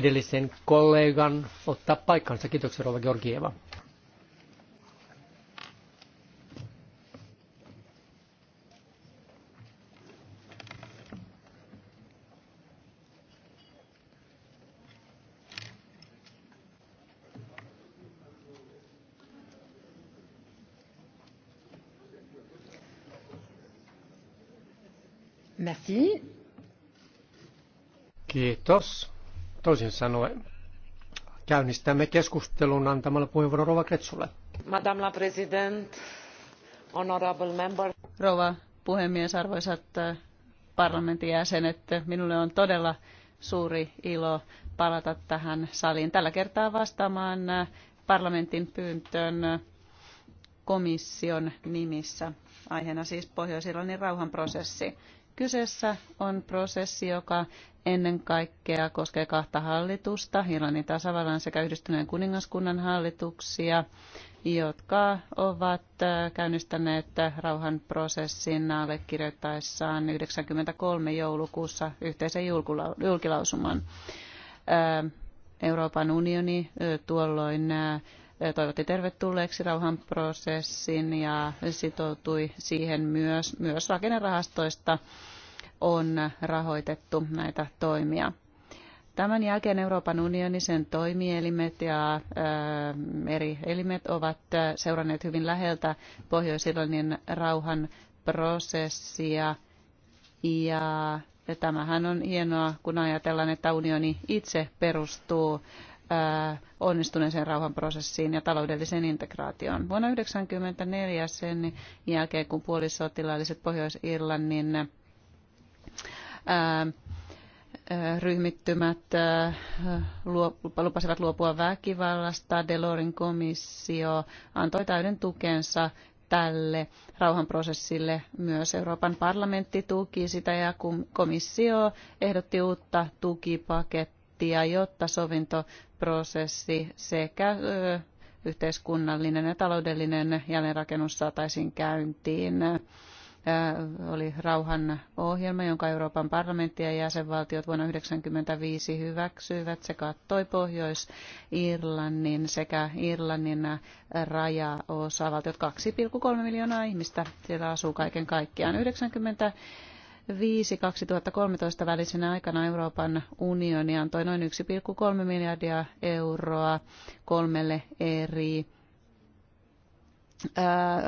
edellisen kollegan ottaa paikkansa. Kiitoksia Rova Georgieva. Kiitos. Toisin sanoen käynnistämme keskustelun antamalla puheenvuoron Rova Kretsulle. Madame la President, honorable member. Rova puhemies, arvoisat äh, parlamentin jäsenet, minulle on todella suuri ilo palata tähän saliin. Tällä kertaa vastaamaan äh, parlamentin pyyntöön äh, komission nimissä. Aiheena siis Pohjois-Irlannin rauhanprosessi. Kyseessä on prosessi, joka ennen kaikkea koskee kahta hallitusta, Irlannin tasavallan sekä yhdistyneen kuningaskunnan hallituksia, jotka ovat äh, käynnistäneet rauhanprosessin allekirjoittaessaan 93 joulukuussa yhteisen julkilausuman. Äh, Euroopan unioni äh, tuolloin toivotti tervetulleeksi rauhanprosessin ja sitoutui siihen myös. Myös rakennerahastoista on rahoitettu näitä toimia. Tämän jälkeen Euroopan unionin sen toimielimet ja eri elimet ovat seuranneet hyvin läheltä pohjois rauhan rauhanprosessia. Ja tämähän on hienoa, kun ajatellaan, että unioni itse perustuu onnistuneeseen rauhanprosessiin ja taloudelliseen integraatioon. Vuonna 1994 sen jälkeen, kun puolisotilaalliset Pohjois-Irlannin ryhmittymät lupasivat luopua väkivallasta, Delorin komissio antoi täyden tukensa tälle rauhanprosessille. Myös Euroopan parlamentti tuki sitä ja komissio ehdotti uutta tukipakettia pakettia, jotta sovintoprosessi sekä yhteiskunnallinen ja taloudellinen jälleenrakennus saataisiin käyntiin. Oli rauhan ohjelma, jonka Euroopan parlamentti ja jäsenvaltiot vuonna 1995 hyväksyivät. Se kattoi Pohjois-Irlannin sekä Irlannin rajaosavaltiot. 2,3 miljoonaa ihmistä siellä asuu kaiken kaikkiaan. 90 2005-2013 välisenä aikana Euroopan unioni antoi noin 1,3 miljardia euroa kolmelle eri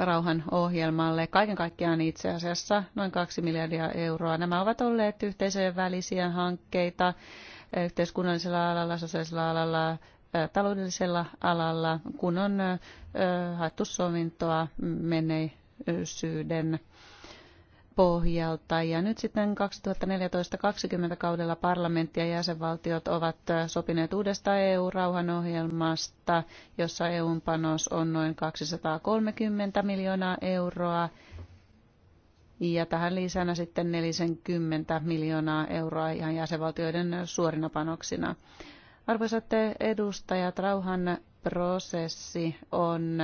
rauhanohjelmalle. Kaiken kaikkiaan itse asiassa noin 2 miljardia euroa. Nämä ovat olleet yhteisöjen välisiä hankkeita yhteiskunnallisella alalla, sosiaalisella alalla, taloudellisella alalla, kun on haettu sovintoa menneisyyden pohjalta. Ja nyt sitten 2014-2020 kaudella parlamentti ja jäsenvaltiot ovat sopineet uudesta EU-rauhanohjelmasta, jossa EUn panos on noin 230 miljoonaa euroa. Ja tähän lisänä sitten 40 miljoonaa euroa ihan jäsenvaltioiden suorina panoksina. Arvoisat edustajat, rauhan prosessi on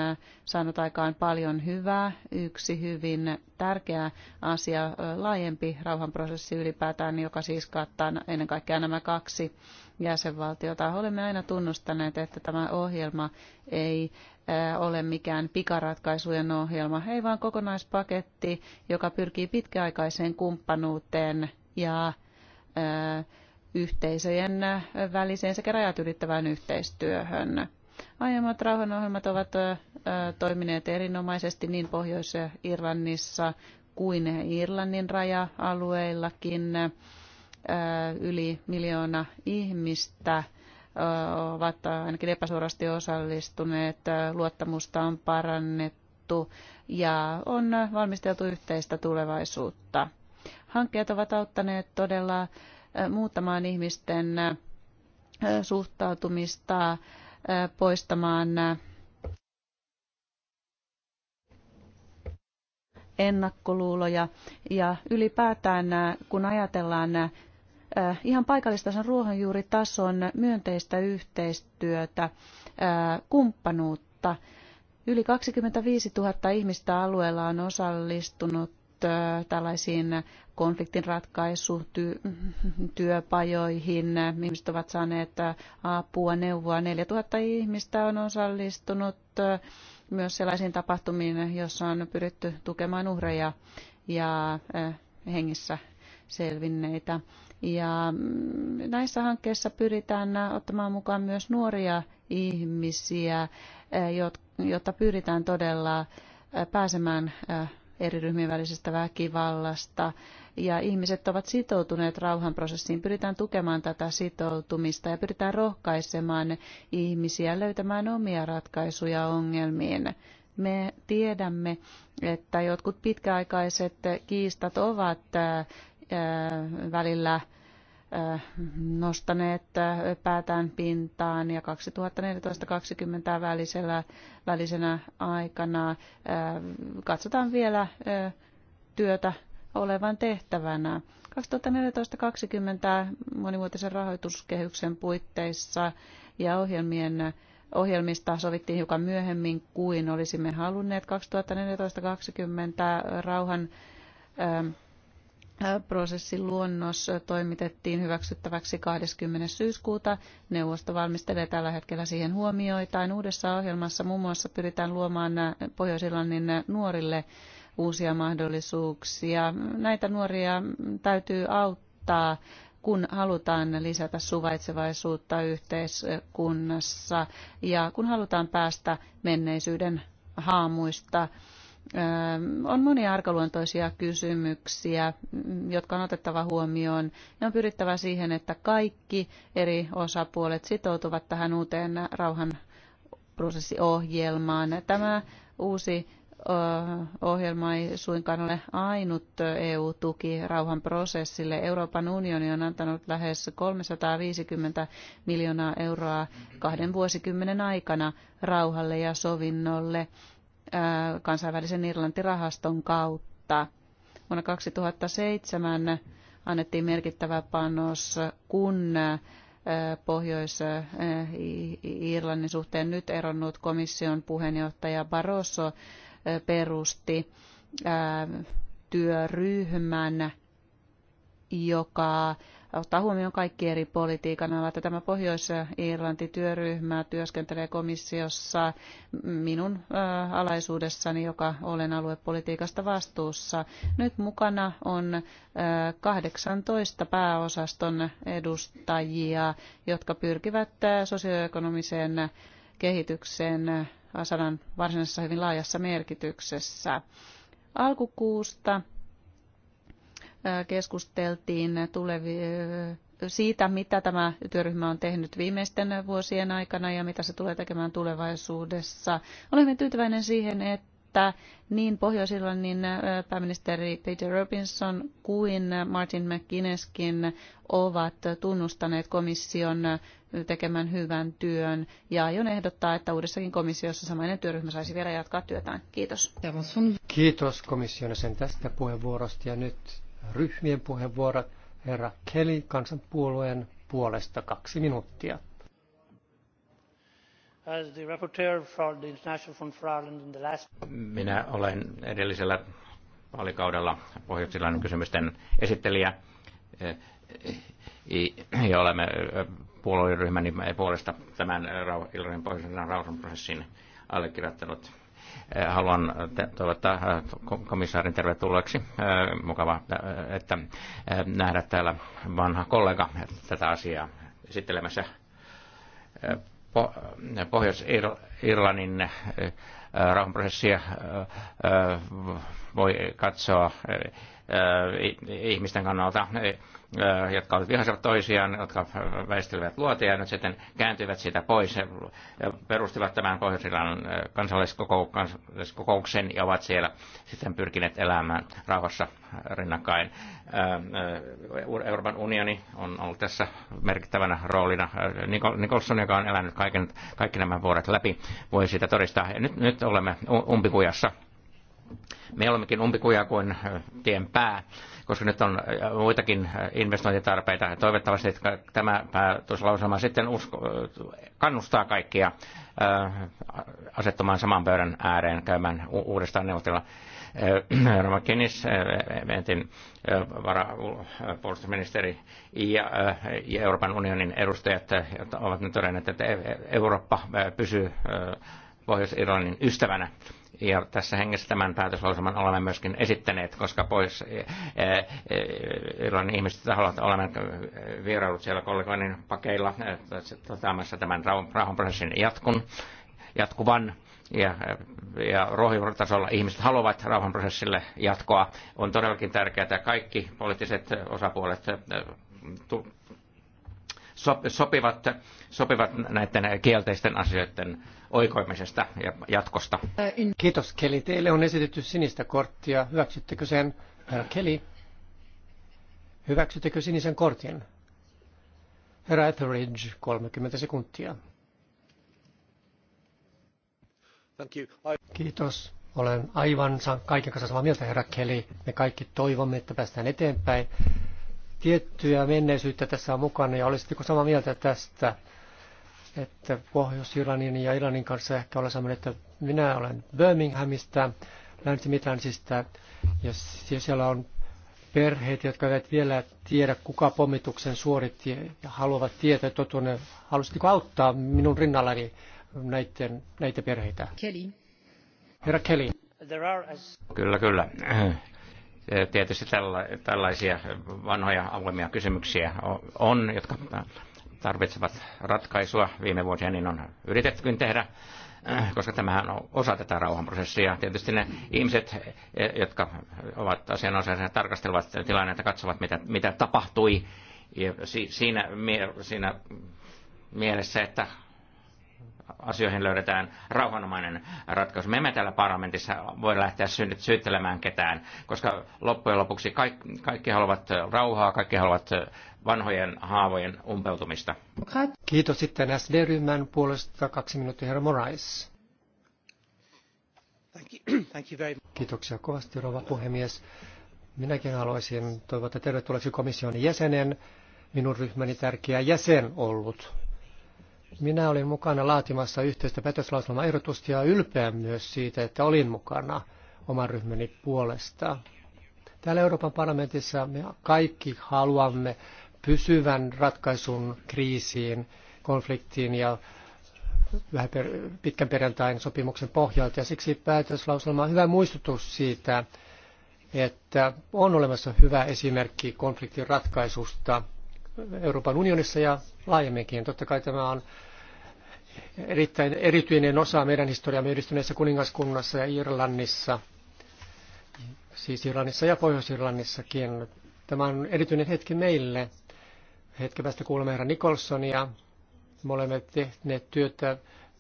saanut aikaan paljon hyvää. Yksi hyvin tärkeä asia, laajempi rauhanprosessi ylipäätään, joka siis kattaa ennen kaikkea nämä kaksi jäsenvaltiota. Olemme aina tunnustaneet, että tämä ohjelma ei ole mikään pikaratkaisujen ohjelma, ei vaan kokonaispaketti, joka pyrkii pitkäaikaiseen kumppanuuteen ja yhteisöjen väliseen sekä rajat ylittävään yhteistyöhön. Aiemmat rauhanohjelmat ovat toimineet erinomaisesti niin Pohjois-Irlannissa kuin Irlannin raja-alueillakin. Yli miljoona ihmistä ovat ainakin epäsuorasti osallistuneet, luottamusta on parannettu ja on valmisteltu yhteistä tulevaisuutta. Hankkeet ovat auttaneet todella muuttamaan ihmisten suhtautumista poistamaan ennakkoluuloja ja ylipäätään kun ajatellaan ihan paikallistason ruohonjuuritason myönteistä yhteistyötä, kumppanuutta. Yli 25 000 ihmistä alueella on osallistunut tällaisiin Konfliktin ty- työpajoihin. Ihmiset ovat saaneet apua, neuvoa. 4000 ihmistä on osallistunut myös sellaisiin tapahtumiin, joissa on pyritty tukemaan uhreja ja hengissä selvinneitä. Ja mm, näissä hankkeissa pyritään ottamaan mukaan myös nuoria ihmisiä, jotta pyritään todella pääsemään eri ryhmien välisestä väkivallasta ja ihmiset ovat sitoutuneet rauhanprosessiin. Pyritään tukemaan tätä sitoutumista ja pyritään rohkaisemaan ihmisiä löytämään omia ratkaisuja ongelmiin. Me tiedämme, että jotkut pitkäaikaiset kiistat ovat äh, äh, välillä äh, nostaneet päätään pintaan ja 2014-2020 välisellä, välisenä aikana katsotaan vielä työtä olevan tehtävänä. 2014-2020 monimuotoisen rahoituskehyksen puitteissa ja ohjelmien ohjelmista sovittiin hiukan myöhemmin kuin olisimme halunneet. 2014-2020 rauhan ähm, prosessin luonnos toimitettiin hyväksyttäväksi 20. syyskuuta. Neuvosto valmistelee tällä hetkellä siihen huomioitain. Uudessa ohjelmassa muun muassa pyritään luomaan Pohjois-Irlannin nuorille uusia mahdollisuuksia. Näitä nuoria täytyy auttaa kun halutaan lisätä suvaitsevaisuutta yhteiskunnassa ja kun halutaan päästä menneisyyden haamuista. On monia arkaluontoisia kysymyksiä, jotka on otettava huomioon ja on pyrittävä siihen, että kaikki eri osapuolet sitoutuvat tähän uuteen rauhanprosessiohjelmaan. Tämä uusi ohjelma ei suinkaan ole ainut EU-tuki rauhanprosessille. Euroopan unioni on antanut lähes 350 miljoonaa euroa kahden vuosikymmenen aikana rauhalle ja sovinnolle äh, kansainvälisen Irlantirahaston kautta. Vuonna seitsemän annettiin merkittävä panos, kun äh, Pohjois-Irlannin äh, suhteen nyt eronnut komission puheenjohtaja Barroso perusti työryhmän, joka ottaa huomioon kaikki eri politiikan alat. Tämä Pohjois-Irlanti-työryhmä työskentelee komissiossa minun alaisuudessani, joka olen aluepolitiikasta vastuussa. Nyt mukana on 18 pääosaston edustajia, jotka pyrkivät sosioekonomiseen kehitykseen sanan varsinaisessa hyvin laajassa merkityksessä. Alkukuusta keskusteltiin tulevi, siitä, mitä tämä työryhmä on tehnyt viimeisten vuosien aikana ja mitä se tulee tekemään tulevaisuudessa. Olen tyytyväinen siihen, että niin pohjois niin pääministeri Peter Robinson kuin Martin McGuinnesskin ovat tunnustaneet komission tekemän hyvän työn ja aion ehdottaa, että uudessakin komissiossa samainen työryhmä saisi vielä jatkaa työtään. Kiitos. Kiitos komission sen tästä puheenvuorosta ja nyt ryhmien puheenvuorot. Herra Kelly kansanpuolueen puolesta kaksi minuuttia. Minä olen edellisellä vaalikaudella pohjois kysymysten esittelijä eh, ja olemme eh, puolueryhmäni niin puolesta tämän äh, Ilmarin pohjoisen rauhanprosessin allekirjoittanut. Äh, haluan äh, toivottaa komissaarin tervetulleeksi. Mukava, että nähdä täällä vanha kollega tätä asiaa esittelemässä. Pohjois-Irlannin rauhanprosessia voi katsoa ihmisten kannalta, jotka olivat vihaiset toisiaan, jotka väistelivät luoteja, ja nyt sitten kääntyivät siitä pois ja perustivat tämän pohjois kansalliskokouksen ja ovat siellä sitten pyrkineet elämään rauhassa rinnakkain. Euroopan unioni on ollut tässä merkittävänä roolina. Nikolson, joka on elänyt kaiken, kaikki nämä vuodet läpi, voi sitä todistaa. Ja nyt, nyt olemme umpikujassa me olemmekin umpikuja kuin äh, tien pää, koska nyt on äh, muitakin äh, investointitarpeita. Toivottavasti että tämä päätöslauselma sitten usko, kannustaa kaikkia asettumaan saman pöydän ääreen käymään uudestaan neuvotella. Rama Kenis, entin varapuolustusministeri ja, ja Euroopan unionin edustajat ovat nyt todenneet, että e-, e-, Eurooppa pysyy Pohjois-Irlannin ystävänä ja tässä hengessä tämän päätöslauselman olemme myöskin esittäneet, koska pois e, e, e, Irlannin ihmiset taholla olemme vierailut siellä kollegoinnin pakeilla toteamassa tämän rauhanprosessin jatkun, jatkuvan ja, ja ruohonjuuritasolla ihmiset haluavat rauhanprosessille jatkoa. On todellakin tärkeää, että kaikki poliittiset osapuolet sopivat, sopivat näiden kielteisten asioiden oikoimisesta ja jatkosta. Kiitos Keli. Teille on esitetty sinistä korttia. Hyväksyttekö sen? Herra Keli, hyväksyttekö sinisen kortin? Herra Etheridge, 30 sekuntia. Kiitos. Olen aivan kaiken kanssa samaa mieltä, herra Kelly. Me kaikki toivomme, että päästään eteenpäin. Tiettyä menneisyyttä tässä on mukana ja olisitteko samaa mieltä tästä? että Pohjois-Irlannin ja Irlannin kanssa ehkä olla sellainen, että minä olen Birminghamista, Länsi-Midlandsista, ja siellä on perheet, jotka eivät vielä tiedä, kuka pommituksen suoritti ja haluavat tietää, että tuonne, halusitko auttaa minun rinnallani näiden, näitä perheitä? Kelly. Herra Kelly. Kyllä, kyllä. Tietysti tällaisia vanhoja avoimia kysymyksiä on, jotka tarvitsevat ratkaisua. Viime vuosia, niin on yritettykin tehdä, äh, koska tämähän on osa tätä rauhanprosessia. Tietysti ne ihmiset, e, jotka ovat asianosaisia, tarkastelevat tilannetta, katsovat, mitä, mitä tapahtui. Ja siinä, siinä mielessä, että asioihin löydetään rauhanomainen ratkaisu. Me emme täällä parlamentissa voi lähteä syyttelemään ketään, koska loppujen lopuksi kaikki, kaikki haluavat rauhaa, kaikki haluavat vanhojen haavojen umpeutumista. Kiitos sitten SD-ryhmän puolesta. Kaksi minuuttia, herra Morais. Kiitoksia kovasti, rouva puhemies. Minäkin haluaisin toivota tervetulleeksi komission jäsenen, minun ryhmäni tärkeä jäsen ollut. Minä olin mukana laatimassa yhteistä päätöslauselmaehdotusta ja ylpeä myös siitä, että olin mukana oman ryhmäni puolesta. Täällä Euroopan parlamentissa me kaikki haluamme pysyvän ratkaisun kriisiin, konfliktiin ja vähän per, pitkän perjantain sopimuksen pohjalta. Ja siksi päätöslauselma on hyvä muistutus siitä, että on olemassa hyvä esimerkki konfliktin ratkaisusta Euroopan unionissa ja laajemminkin. Totta kai tämä on erittäin erityinen osa meidän historiamme yhdistyneessä kuningaskunnassa ja Irlannissa, siis Irlannissa ja Pohjois-Irlannissakin. Tämä on erityinen hetki meille, Hetken päästä kuulemme herra Nicholsonia. Me olemme tehneet työtä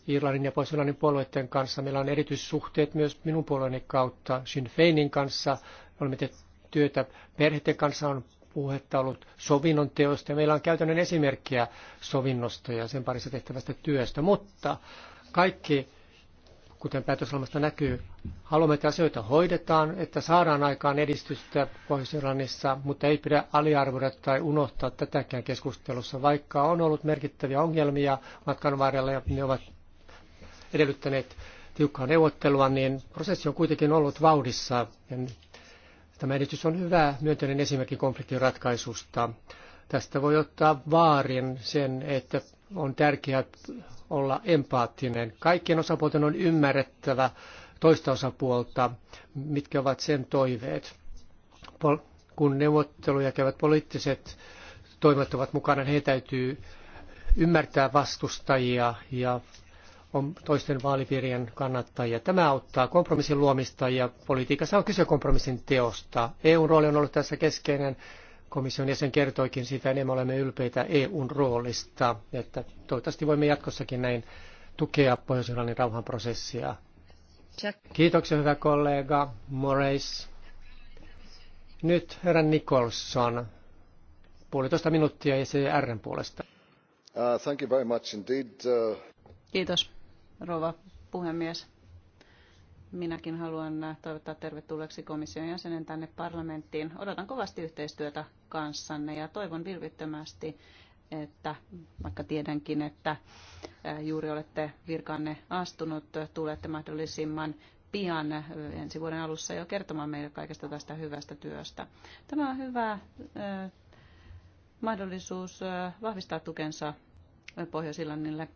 Irlannin ja Pohjois-Irlannin puolueiden kanssa. Meillä on erityissuhteet myös minun puolueeni kautta Sinn Feinin kanssa. Olemme tehneet työtä perheiden kanssa on puhetta ollut sovinnon teosta. Meillä on käytännön esimerkkiä sovinnosta ja sen parissa tehtävästä työstä, mutta kaikki kuten päätöslamasta näkyy. Haluamme, että asioita hoidetaan, että saadaan aikaan edistystä pohjois mutta ei pidä aliarvoida tai unohtaa tätäkään keskustelussa, vaikka on ollut merkittäviä ongelmia matkan varrella ja ne ovat edellyttäneet tiukkaa neuvottelua, niin prosessi on kuitenkin ollut vauhdissa. Tämä edistys on hyvä myönteinen esimerkki konfliktin ratkaisusta. Tästä voi ottaa vaarin sen, että on tärkeää olla empaattinen. Kaikkien osapuolten on ymmärrettävä toista osapuolta, mitkä ovat sen toiveet. kun neuvotteluja käyvät poliittiset toimet ovat mukana, he täytyy ymmärtää vastustajia ja on toisten vaalipiirien kannattajia. Tämä auttaa kompromissin luomista ja politiikassa on kyse kompromissin teosta. EUn rooli on ollut tässä keskeinen komission jäsen kertoikin sitä, niin me olemme ylpeitä EUn roolista, että toivottavasti voimme jatkossakin näin tukea pohjois rauhanprosessia. Kiitoksia hyvä kollega Moreis. Nyt herra Nicholson, puolitoista minuuttia ECRn puolesta. Uh, thank you very much indeed. Uh... Kiitos, rouva puhemies. Minäkin haluan toivottaa tervetulleeksi komission jäsenen tänne parlamenttiin. Odotan kovasti yhteistyötä kanssanne ja toivon vilvittömästi, että vaikka tiedänkin, että juuri olette virkanne astunut, tulette mahdollisimman pian ensi vuoden alussa jo kertomaan meille kaikesta tästä hyvästä työstä. Tämä on hyvä mahdollisuus vahvistaa tukensa Pohjois-Irlannille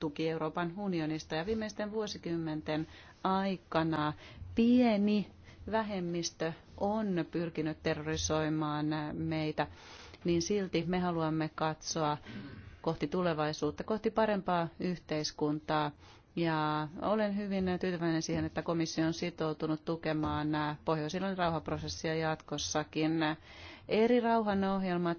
tuki Euroopan unionista ja viimeisten vuosikymmenten aikana pieni vähemmistö on pyrkinyt terrorisoimaan meitä, niin silti me haluamme katsoa kohti tulevaisuutta, kohti parempaa yhteiskuntaa. Ja olen hyvin tyytyväinen siihen, että komissio on sitoutunut tukemaan pohjois rauhaprosessia jatkossakin. Eri rauhanohjelmat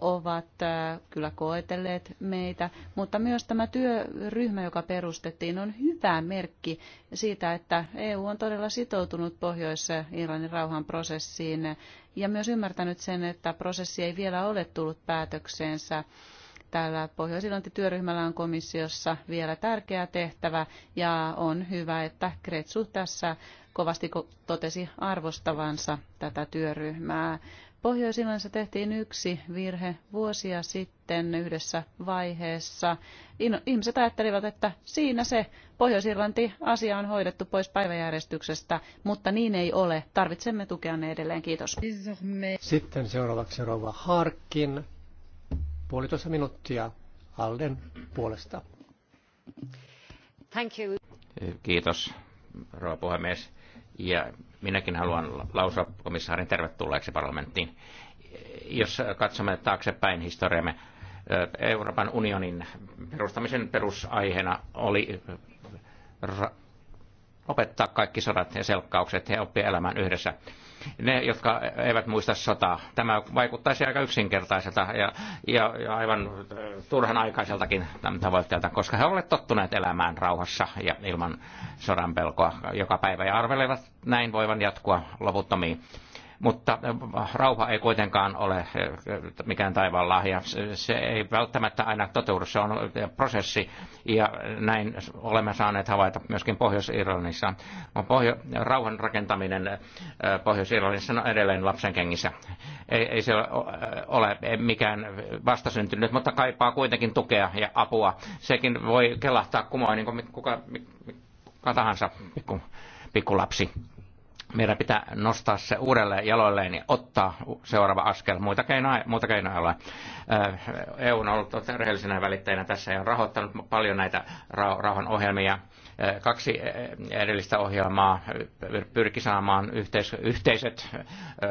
ovat äh, kyllä koetelleet meitä, mutta myös tämä työryhmä, joka perustettiin, on hyvä merkki siitä, että EU on todella sitoutunut Pohjois-Irlannin rauhanprosessiin ja myös ymmärtänyt sen, että prosessi ei vielä ole tullut päätökseensä. Täällä pohjois työryhmällä on komissiossa vielä tärkeä tehtävä ja on hyvä, että Kretsu tässä kovasti totesi arvostavansa tätä työryhmää pohjois tehtiin yksi virhe vuosia sitten yhdessä vaiheessa. Ihmiset ajattelivat, että siinä se Pohjois-Irlanti asia on hoidettu pois päiväjärjestyksestä, mutta niin ei ole. Tarvitsemme tukea ne edelleen. Kiitos. Sitten seuraavaksi seuraava Harkin. Puolitoista minuuttia Alden puolesta. Thank you. Kiitos, rouva puhemies. Ja Minäkin haluan lausua komissaarin tervetulleeksi parlamenttiin. Jos katsomme taaksepäin historiamme, Euroopan unionin perustamisen perusaiheena oli opettaa kaikki sodat ja selkkaukset ja oppia elämään yhdessä ne, jotka eivät muista sotaa. Tämä vaikuttaisi aika yksinkertaiselta ja, ja, ja aivan äh, turhan aikaiseltakin tavoitteelta, koska he ovat tottuneet elämään rauhassa ja ilman sodan pelkoa joka päivä ja arvelevat näin voivan jatkua loputtomiin mutta äh, rauha ei kuitenkaan ole äh, mikään taivaan lahja. Se ei välttämättä aina toteudu, se on äh, prosessi ja näin olemme saaneet havaita myöskin Pohjois-Irlannissa. Pohjo- rauhan rakentaminen Pohjois-Irlannissa on no, edelleen lapsen kengissä. Ei, ei se ole mikään vastasyntynyt, mutta kaipaa kuitenkin tukea ja apua. Sekin voi kelahtaa kumoa, niin kuin kuka, kuka tahansa pikku, lapsi meidän pitää nostaa se uudelleen jaloilleen ja niin ottaa seuraava askel. Muita keinoja, muita keinoja ei ole. EU on ollut rehellisenä välittäjänä tässä ja on rahoittanut paljon näitä rauhanohjelmia Kaksi edellistä ohjelmaa pyrki saamaan yhteis- yhteiset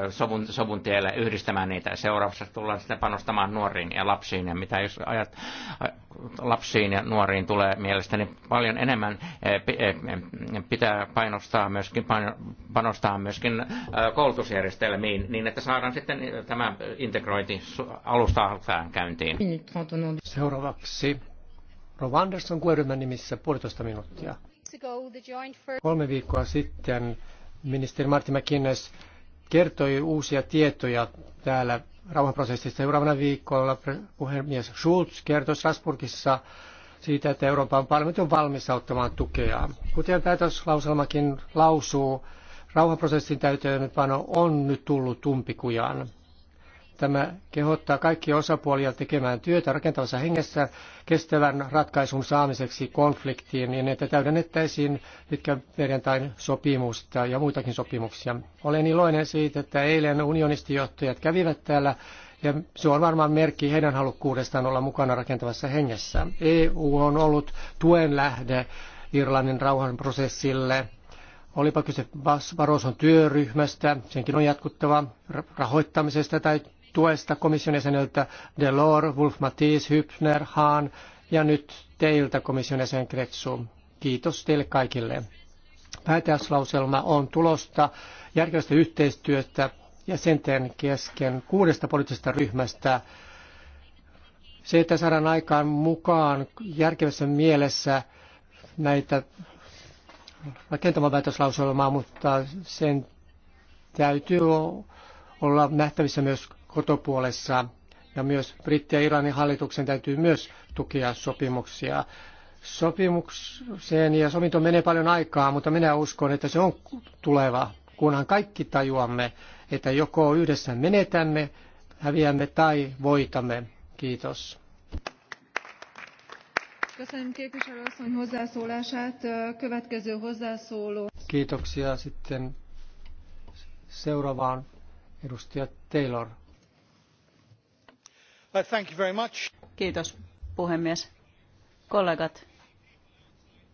sovun, sovun tielle yhdistämään niitä. Seuraavassa tullaan sitten panostamaan nuoriin ja lapsiin. Ja mitä jos ajat lapsiin ja nuoriin tulee mielestäni paljon enemmän, e, e, pitää painostaa myöskin, panostaa myöskin koulutusjärjestelmiin niin, että saadaan sitten tämä integrointi alusta alkaen käyntiin. Seuraavaksi Rova Andersson kueryhmän nimissä puolitoista minuuttia. Kolme viikkoa sitten ministeri Martti McInnes kertoi uusia tietoja täällä rauhanprosessista. Seuraavana viikolla puhemies Schulz kertoi Strasbourgissa siitä, että Euroopan parlamentti on valmis auttamaan tukea. Kuten päätöslauselmakin lausuu, rauhanprosessin täytäntöönpano on nyt tullut umpikujaan. Tämä kehottaa kaikkia osapuolia tekemään työtä rakentavassa hengessä kestävän ratkaisun saamiseksi konfliktiin, niin että täydennettäisiin pitkän perjantain sopimusta ja muitakin sopimuksia. Olen iloinen siitä, että eilen unionistijohtajat kävivät täällä ja se on varmaan merkki heidän halukkuudestaan olla mukana rakentavassa hengessä. EU on ollut tuen lähde Irlannin rauhanprosessille. Olipa kyse Barroson työryhmästä, senkin on jatkuttava rahoittamisesta tai tuesta komission jäseneltä Delors, Wolf Matthijs, Hübner, Hahn ja nyt teiltä komission jäsen Kretsu. Kiitos teille kaikille. Päätäyslauselma on tulosta järkevästä yhteistyöstä jäsenten kesken kuudesta poliittisesta ryhmästä. Se, että saadaan aikaan mukaan järkevässä mielessä näitä rakentamaan päätöslauselmaa, mutta sen täytyy olla nähtävissä myös kotopuolessa. Ja myös Britti- ja Iranin hallituksen täytyy myös tukea sopimuksia. Sopimukseen ja sovinto menee paljon aikaa, mutta minä uskon, että se on tuleva, kunhan kaikki tajuamme, että joko yhdessä menetämme, häviämme tai voitamme. Kiitos. Kiitoksia sitten seuraavaan edustaja Taylor arvoisa Kiitos puhemies. Kollegat,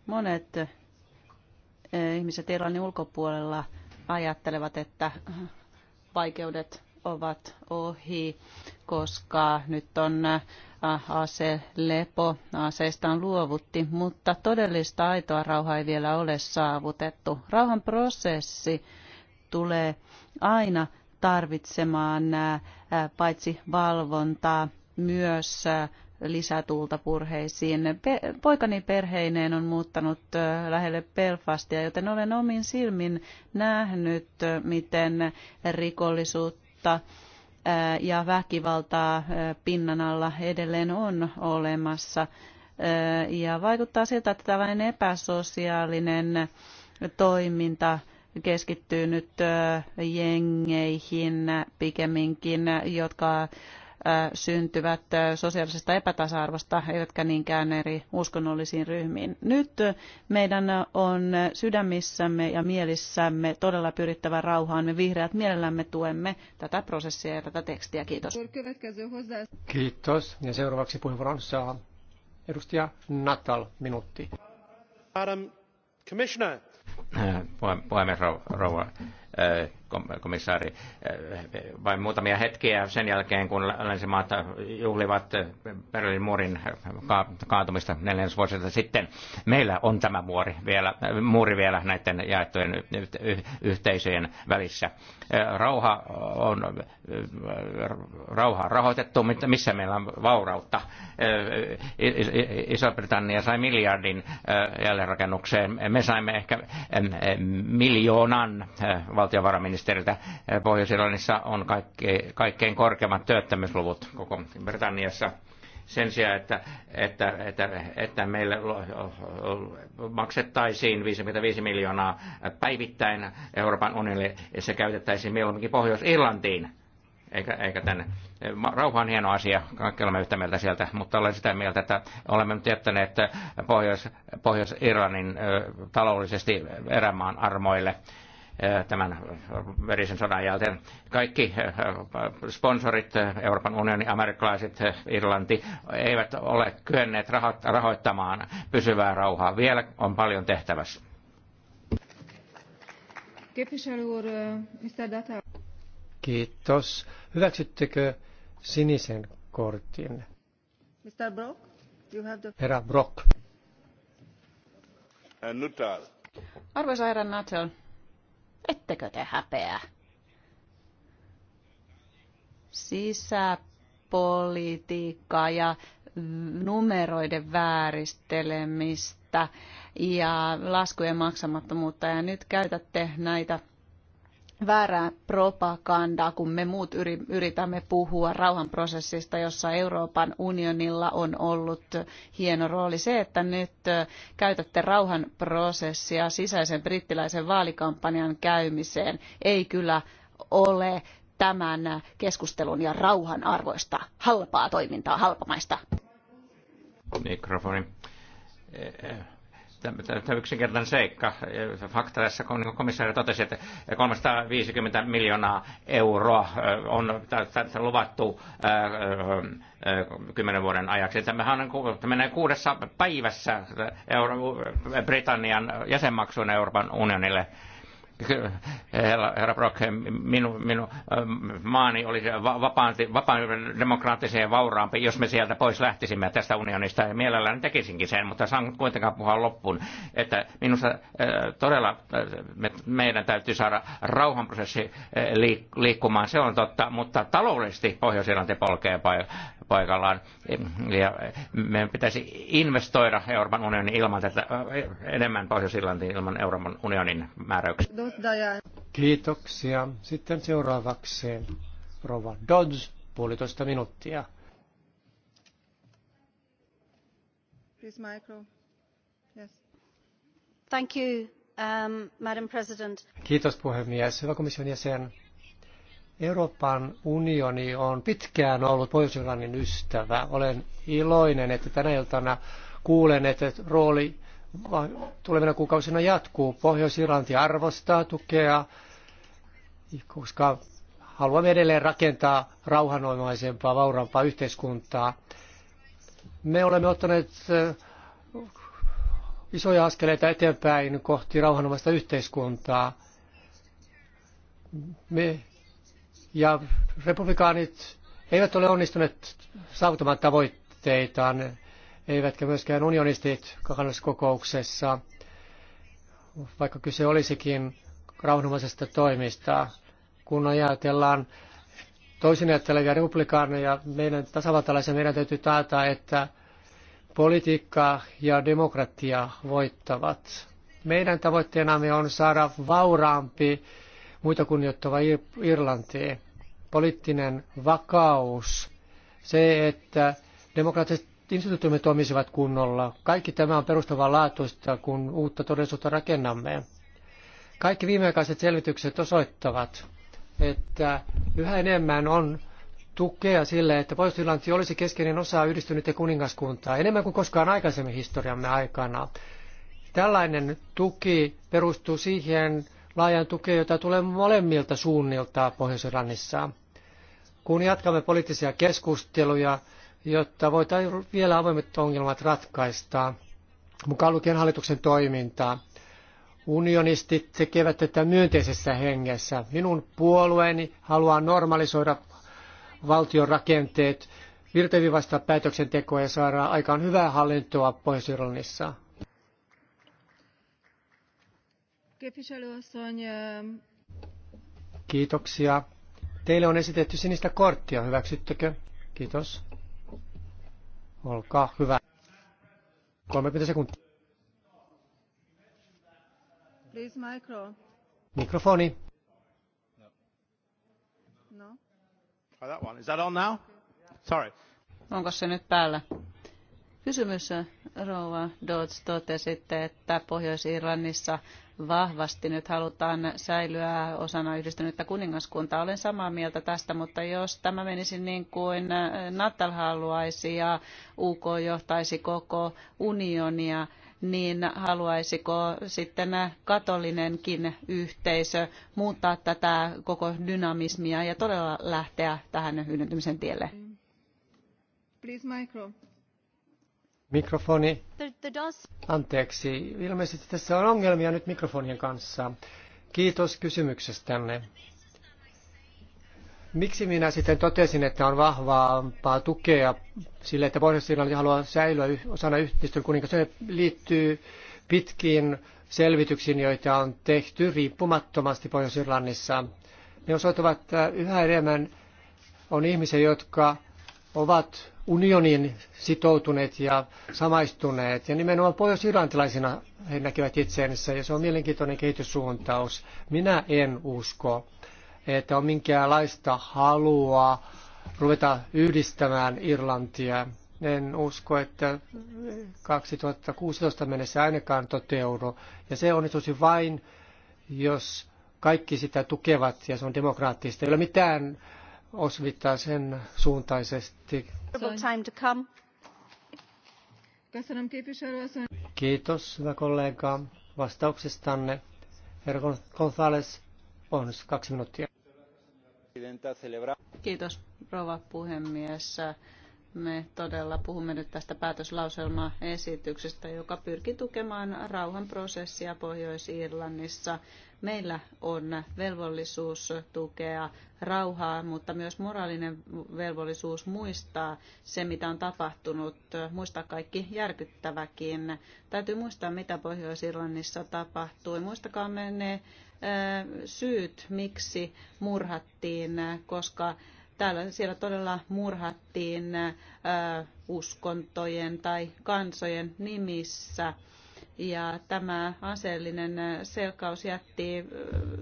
monet eh, ihmiset iranin ulkopuolella ajattelevat, että vaikeudet ovat ohi, koska nyt on eh, aselepo, aseista on mutta todellista aitoa rauhaa ei vielä ole saavutettu. Rauhan prosessi tulee aina tarvitsemaan paitsi valvontaa, myös lisätulta purheisiin. poikani perheineen on muuttanut lähelle Belfastia, joten olen omin silmin nähnyt, miten rikollisuutta ja väkivaltaa pinnan alla edelleen on olemassa. Ja vaikuttaa siltä, että tällainen epäsosiaalinen toiminta keskittyy nyt jengeihin pikemminkin, jotka syntyvät sosiaalisesta epätasa-arvosta, eivätkä niinkään eri uskonnollisiin ryhmiin. Nyt meidän on sydämissämme ja mielissämme todella pyrittävä rauhaan. Me vihreät mielellämme tuemme tätä prosessia ja tätä tekstiä. Kiitos. Kiitos. Ja seuraavaksi puheenvuoron saa edustaja Natal, minuutti. Commissioner, puhemies rouva Äh, komissaari, äh, vain muutamia hetkiä sen jälkeen, kun länsimaat juhlivat Berliinin muurin kaatumista neljännesvuosilta sitten. Meillä on tämä muuri vielä, muuri vielä näiden jaettujen yhteisöjen välissä. Äh, rauha on rauha rahoitettu, missä meillä on vaurautta. Iso-Britannia sai miljardin jälleenrakennukseen. Me saimme ehkä miljoonan valtiovarainministeriltä. Pohjois-Irlannissa on kaikkein, kaikkein korkeimmat työttömyysluvut koko Britanniassa sen sijaan, että, että, että, että meille maksettaisiin 55 miljoonaa päivittäin Euroopan unionille, ja se käytettäisiin mieluummin Pohjois-Irlantiin, eikä, eikä tänne. Rauha on hieno asia, kaikki olemme yhtä mieltä sieltä, mutta olen sitä mieltä, että olemme nyt jättäneet Pohjois, Pohjois-Irlannin taloudellisesti erämaan armoille tämän verisen sodan jälkeen. Kaikki sponsorit, Euroopan unioni, amerikkalaiset, Irlanti, eivät ole kyenneet rahoittamaan pysyvää rauhaa. Vielä on paljon tehtävässä. Kiitos. Hyväksyttekö sinisen kortin? Mr. Brock, you have the... Herra Brock. Arvoisa herra Nuttall, Ettekö te häpeä? Sisäpolitiikkaa ja numeroiden vääristelemistä ja laskujen maksamattomuutta. Ja nyt käytätte näitä väärää propagandaa, kun me muut yritämme puhua rauhanprosessista, jossa Euroopan unionilla on ollut hieno rooli. Se, että nyt käytätte rauhanprosessia sisäisen brittiläisen vaalikampanjan käymiseen, ei kyllä ole tämän keskustelun ja rauhan arvoista halpaa toimintaa halpamaista. Mikrofoni. Eh, eh tämä yksinkertainen seikka. Fakta tässä komissaari totesi, että 350 miljoonaa euroa on luvattu kymmenen vuoden ajaksi. Tämähän on, menee kuudessa päivässä Britannian jäsenmaksuun Euroopan unionille herra Brock, minu, minu, ähm, maani olisi vapaampi, vapaampi, demokraattisen ja vauraampi, jos me sieltä pois lähtisimme tästä unionista. Ja mielelläni tekisinkin sen, mutta saan kuitenkaan puhua loppuun. Että minusta äh, todella äh, me, meidän täytyy saada rauhanprosessi äh, liikkumaan, se on totta, mutta taloudellisesti Pohjois-Irlanti polkee paikallaan. Ja meidän pitäisi investoida Euroopan unionin ilman tätä, enemmän Pohjois-Irlantiin ilman Euroopan unionin määräyksiä. Kiitoksia. Sitten seuraavaksi Rova Dodds, puolitoista minuuttia. Please micro. Yes. Thank you, um, Madam President. Kiitos puhemies. Hyvä komission jäsen Euroopan unioni on pitkään ollut pohjois ystävä. Olen iloinen, että tänä iltana kuulen, että rooli tulevina kuukausina jatkuu. Pohjois-Irlanti arvostaa tukea, koska haluamme edelleen rakentaa rauhanomaisempaa, vauraampaa yhteiskuntaa. Me olemme ottaneet eh, isoja askeleita eteenpäin kohti rauhanomaista yhteiskuntaa. Me ja republikaanit eivät ole onnistuneet saavuttamaan tavoitteitaan, eivätkä myöskään unionistit kansalliskokouksessa, vaikka kyse olisikin rauhanomaisesta toimista. Kun ajatellaan toisin ajattelevia republikaaneja, meidän tasavaltalaisia meidän täytyy taata, että politiikka ja demokratia voittavat. Meidän tavoitteenamme on saada vauraampi, muita kunnioittava Ir- Irlanti poliittinen vakaus, se, että demokraattiset instituutiomme toimisivat kunnolla. Kaikki tämä on perustavaa laatuista, kun uutta todellisuutta rakennamme. Kaikki viimeaikaiset selvitykset osoittavat, että yhä enemmän on tukea sille, että pohjois olisi keskeinen osa yhdistynyttä kuningaskuntaa, enemmän kuin koskaan aikaisemmin historiamme aikana. Tällainen tuki perustuu siihen laajaan tukeen, jota tulee molemmilta suunnilta Pohjois-Irlannissa kun jatkamme poliittisia keskusteluja, jotta voitaisiin vielä avoimet ongelmat ratkaista, mukaan lukien hallituksen toimintaa. Unionistit tekevät tätä myönteisessä hengessä. Minun puolueeni haluaa normalisoida valtion rakenteet, virtevivasta päätöksentekoa ja saada aikaan hyvää hallintoa Pohjois-Irlannissa. Kiitoksia. Teille on esitetty sinistä korttia, hyväksyttekö? Kiitos. Olkaa hyvä. 30 sekuntia. Please micro. Mikrofoni. No. no. Oh, that one. Is that on now? Sorry. Onko se nyt päällä? Kysymys, Rouva Dodds, totesitte, että Pohjois-Irlannissa vahvasti nyt halutaan säilyä osana yhdistynyttä kuningaskuntaa. Olen samaa mieltä tästä, mutta jos tämä menisi niin kuin Natal haluaisi ja UK johtaisi koko unionia, niin haluaisiko sitten katolinenkin yhteisö muuttaa tätä koko dynamismia ja todella lähteä tähän hyödyntymisen tielle? Please, Mikrofoni. Anteeksi, ilmeisesti tässä on ongelmia nyt mikrofonien kanssa. Kiitos kysymyksestänne. Miksi minä sitten totesin, että on vahvaampaa tukea sille, että Pohjois-Irlanti haluaa säilyä osana yhteistyön kuninka? Se liittyy pitkiin selvityksiin, joita on tehty riippumattomasti Pohjois-Irlannissa. Ne osoittavat, että yhä enemmän on ihmisiä, jotka ovat unionin sitoutuneet ja samaistuneet. Ja nimenomaan pohjois-irlantilaisina he näkevät itseensä ja se on mielenkiintoinen kehityssuuntaus. Minä en usko, että on minkäänlaista halua ruveta yhdistämään Irlantia. En usko, että 2016 mennessä ainakaan toteudu. Ja se onnistuisi vain, jos kaikki sitä tukevat ja se on demokraattista. Ei ole mitään osvittaa sen suuntaisesti. Kiitos, hyvä kollega, vastauksestanne. Herra González, on kaksi minuuttia. Kiitos, rouva puhemies me todella puhumme nyt tästä päätöslauselmaesityksestä, joka pyrki tukemaan rauhanprosessia Pohjois-Irlannissa. Meillä on velvollisuus tukea rauhaa, mutta myös moraalinen velvollisuus muistaa se, mitä on tapahtunut, muistaa kaikki järkyttäväkin. Täytyy muistaa, mitä Pohjois-Irlannissa tapahtui. Muistakaa ne syyt, miksi murhattiin, koska täällä, siellä todella murhattiin ää, uskontojen tai kansojen nimissä. Ja tämä aseellinen selkaus jätti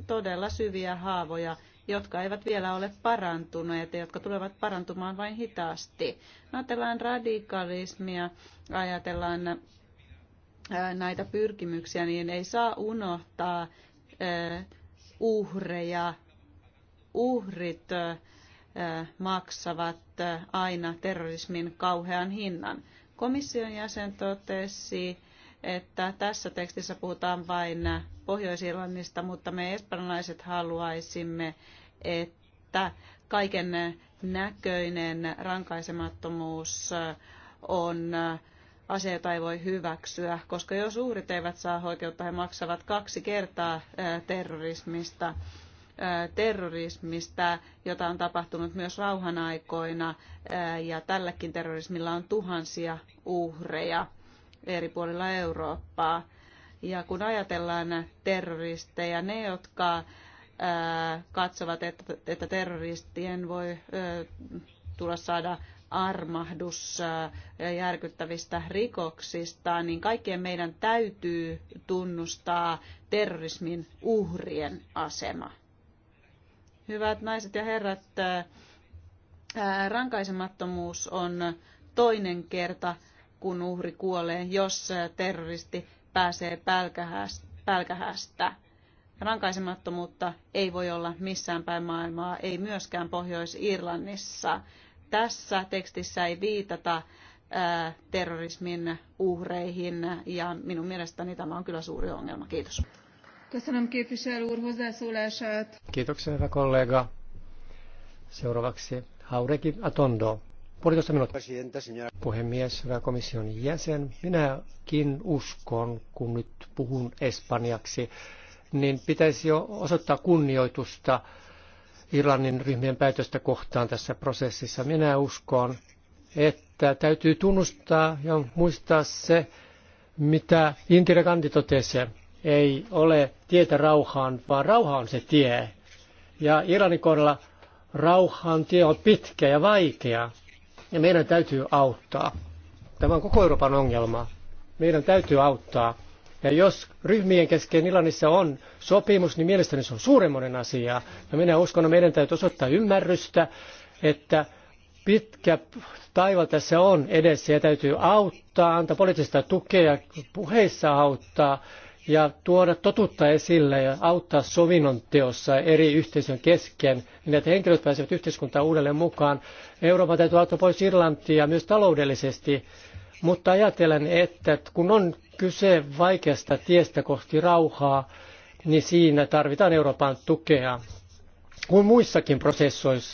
todella syviä haavoja, jotka eivät vielä ole parantuneet ja jotka tulevat parantumaan vain hitaasti. No, ajatellaan radikalismia, ajatellaan näitä pyrkimyksiä, niin ei saa unohtaa uhreja. Uhrit maksavat aina terrorismin kauhean hinnan. Komission jäsen totesi, että tässä tekstissä puhutaan vain Pohjois-Irlannista, mutta me espanjalaiset haluaisimme, että kaiken näköinen rankaisemattomuus on asia, jota ei voi hyväksyä, koska jos uhrit eivät saa oikeutta, he maksavat kaksi kertaa terrorismista terrorismista, jota on tapahtunut myös rauhan aikoina, ja tälläkin terrorismilla on tuhansia uhreja eri puolilla Eurooppaa. Ja kun ajatellaan terroristeja, ne, jotka katsovat, että, että terroristien voi tulla saada armahdus järkyttävistä rikoksista, niin kaikkien meidän täytyy tunnustaa terrorismin uhrien asema. Hyvät naiset ja herrat, rankaisemattomuus on toinen kerta, kun uhri kuolee, jos terroristi pääsee pälkähästä. Rankaisemattomuutta ei voi olla missään päin maailmaa, ei myöskään Pohjois-Irlannissa. Tässä tekstissä ei viitata terrorismin uhreihin ja minun mielestäni tämä on kyllä suuri ongelma. Kiitos. Köszönöm képviselő úr hozzászólását. Kiitoksia, hyvä kollega. Seuraavaksi Haureki Atondo. Puolitoista minuuttia. Puhemies, hyvä komission jäsen. Minäkin uskon, kun nyt puhun espanjaksi, niin pitäisi jo osoittaa kunnioitusta Irlannin ryhmien päätöstä kohtaan tässä prosessissa. Minä uskon, että täytyy tunnustaa ja muistaa se, mitä Intira totesi ei ole tietä rauhaan, vaan rauha on se tie. Ja Iranin kohdalla rauhan tie on pitkä ja vaikea. Ja meidän täytyy auttaa. Tämä on koko Euroopan ongelma. Meidän täytyy auttaa. Ja jos ryhmien kesken Iranissa on sopimus, niin mielestäni se on suuremmoinen asia. Ja minä uskon, että meidän täytyy osoittaa ymmärrystä, että pitkä taiva tässä on edessä ja täytyy auttaa, antaa poliittista tukea, puheissa auttaa ja tuoda totuutta esille ja auttaa sovinnon teossa eri yhteisön kesken, niin että henkilöt pääsevät yhteiskuntaan uudelleen mukaan. Euroopan täytyy auttaa pois Irlantia myös taloudellisesti, mutta ajattelen, että kun on kyse vaikeasta tiestä kohti rauhaa, niin siinä tarvitaan Euroopan tukea kuin muissakin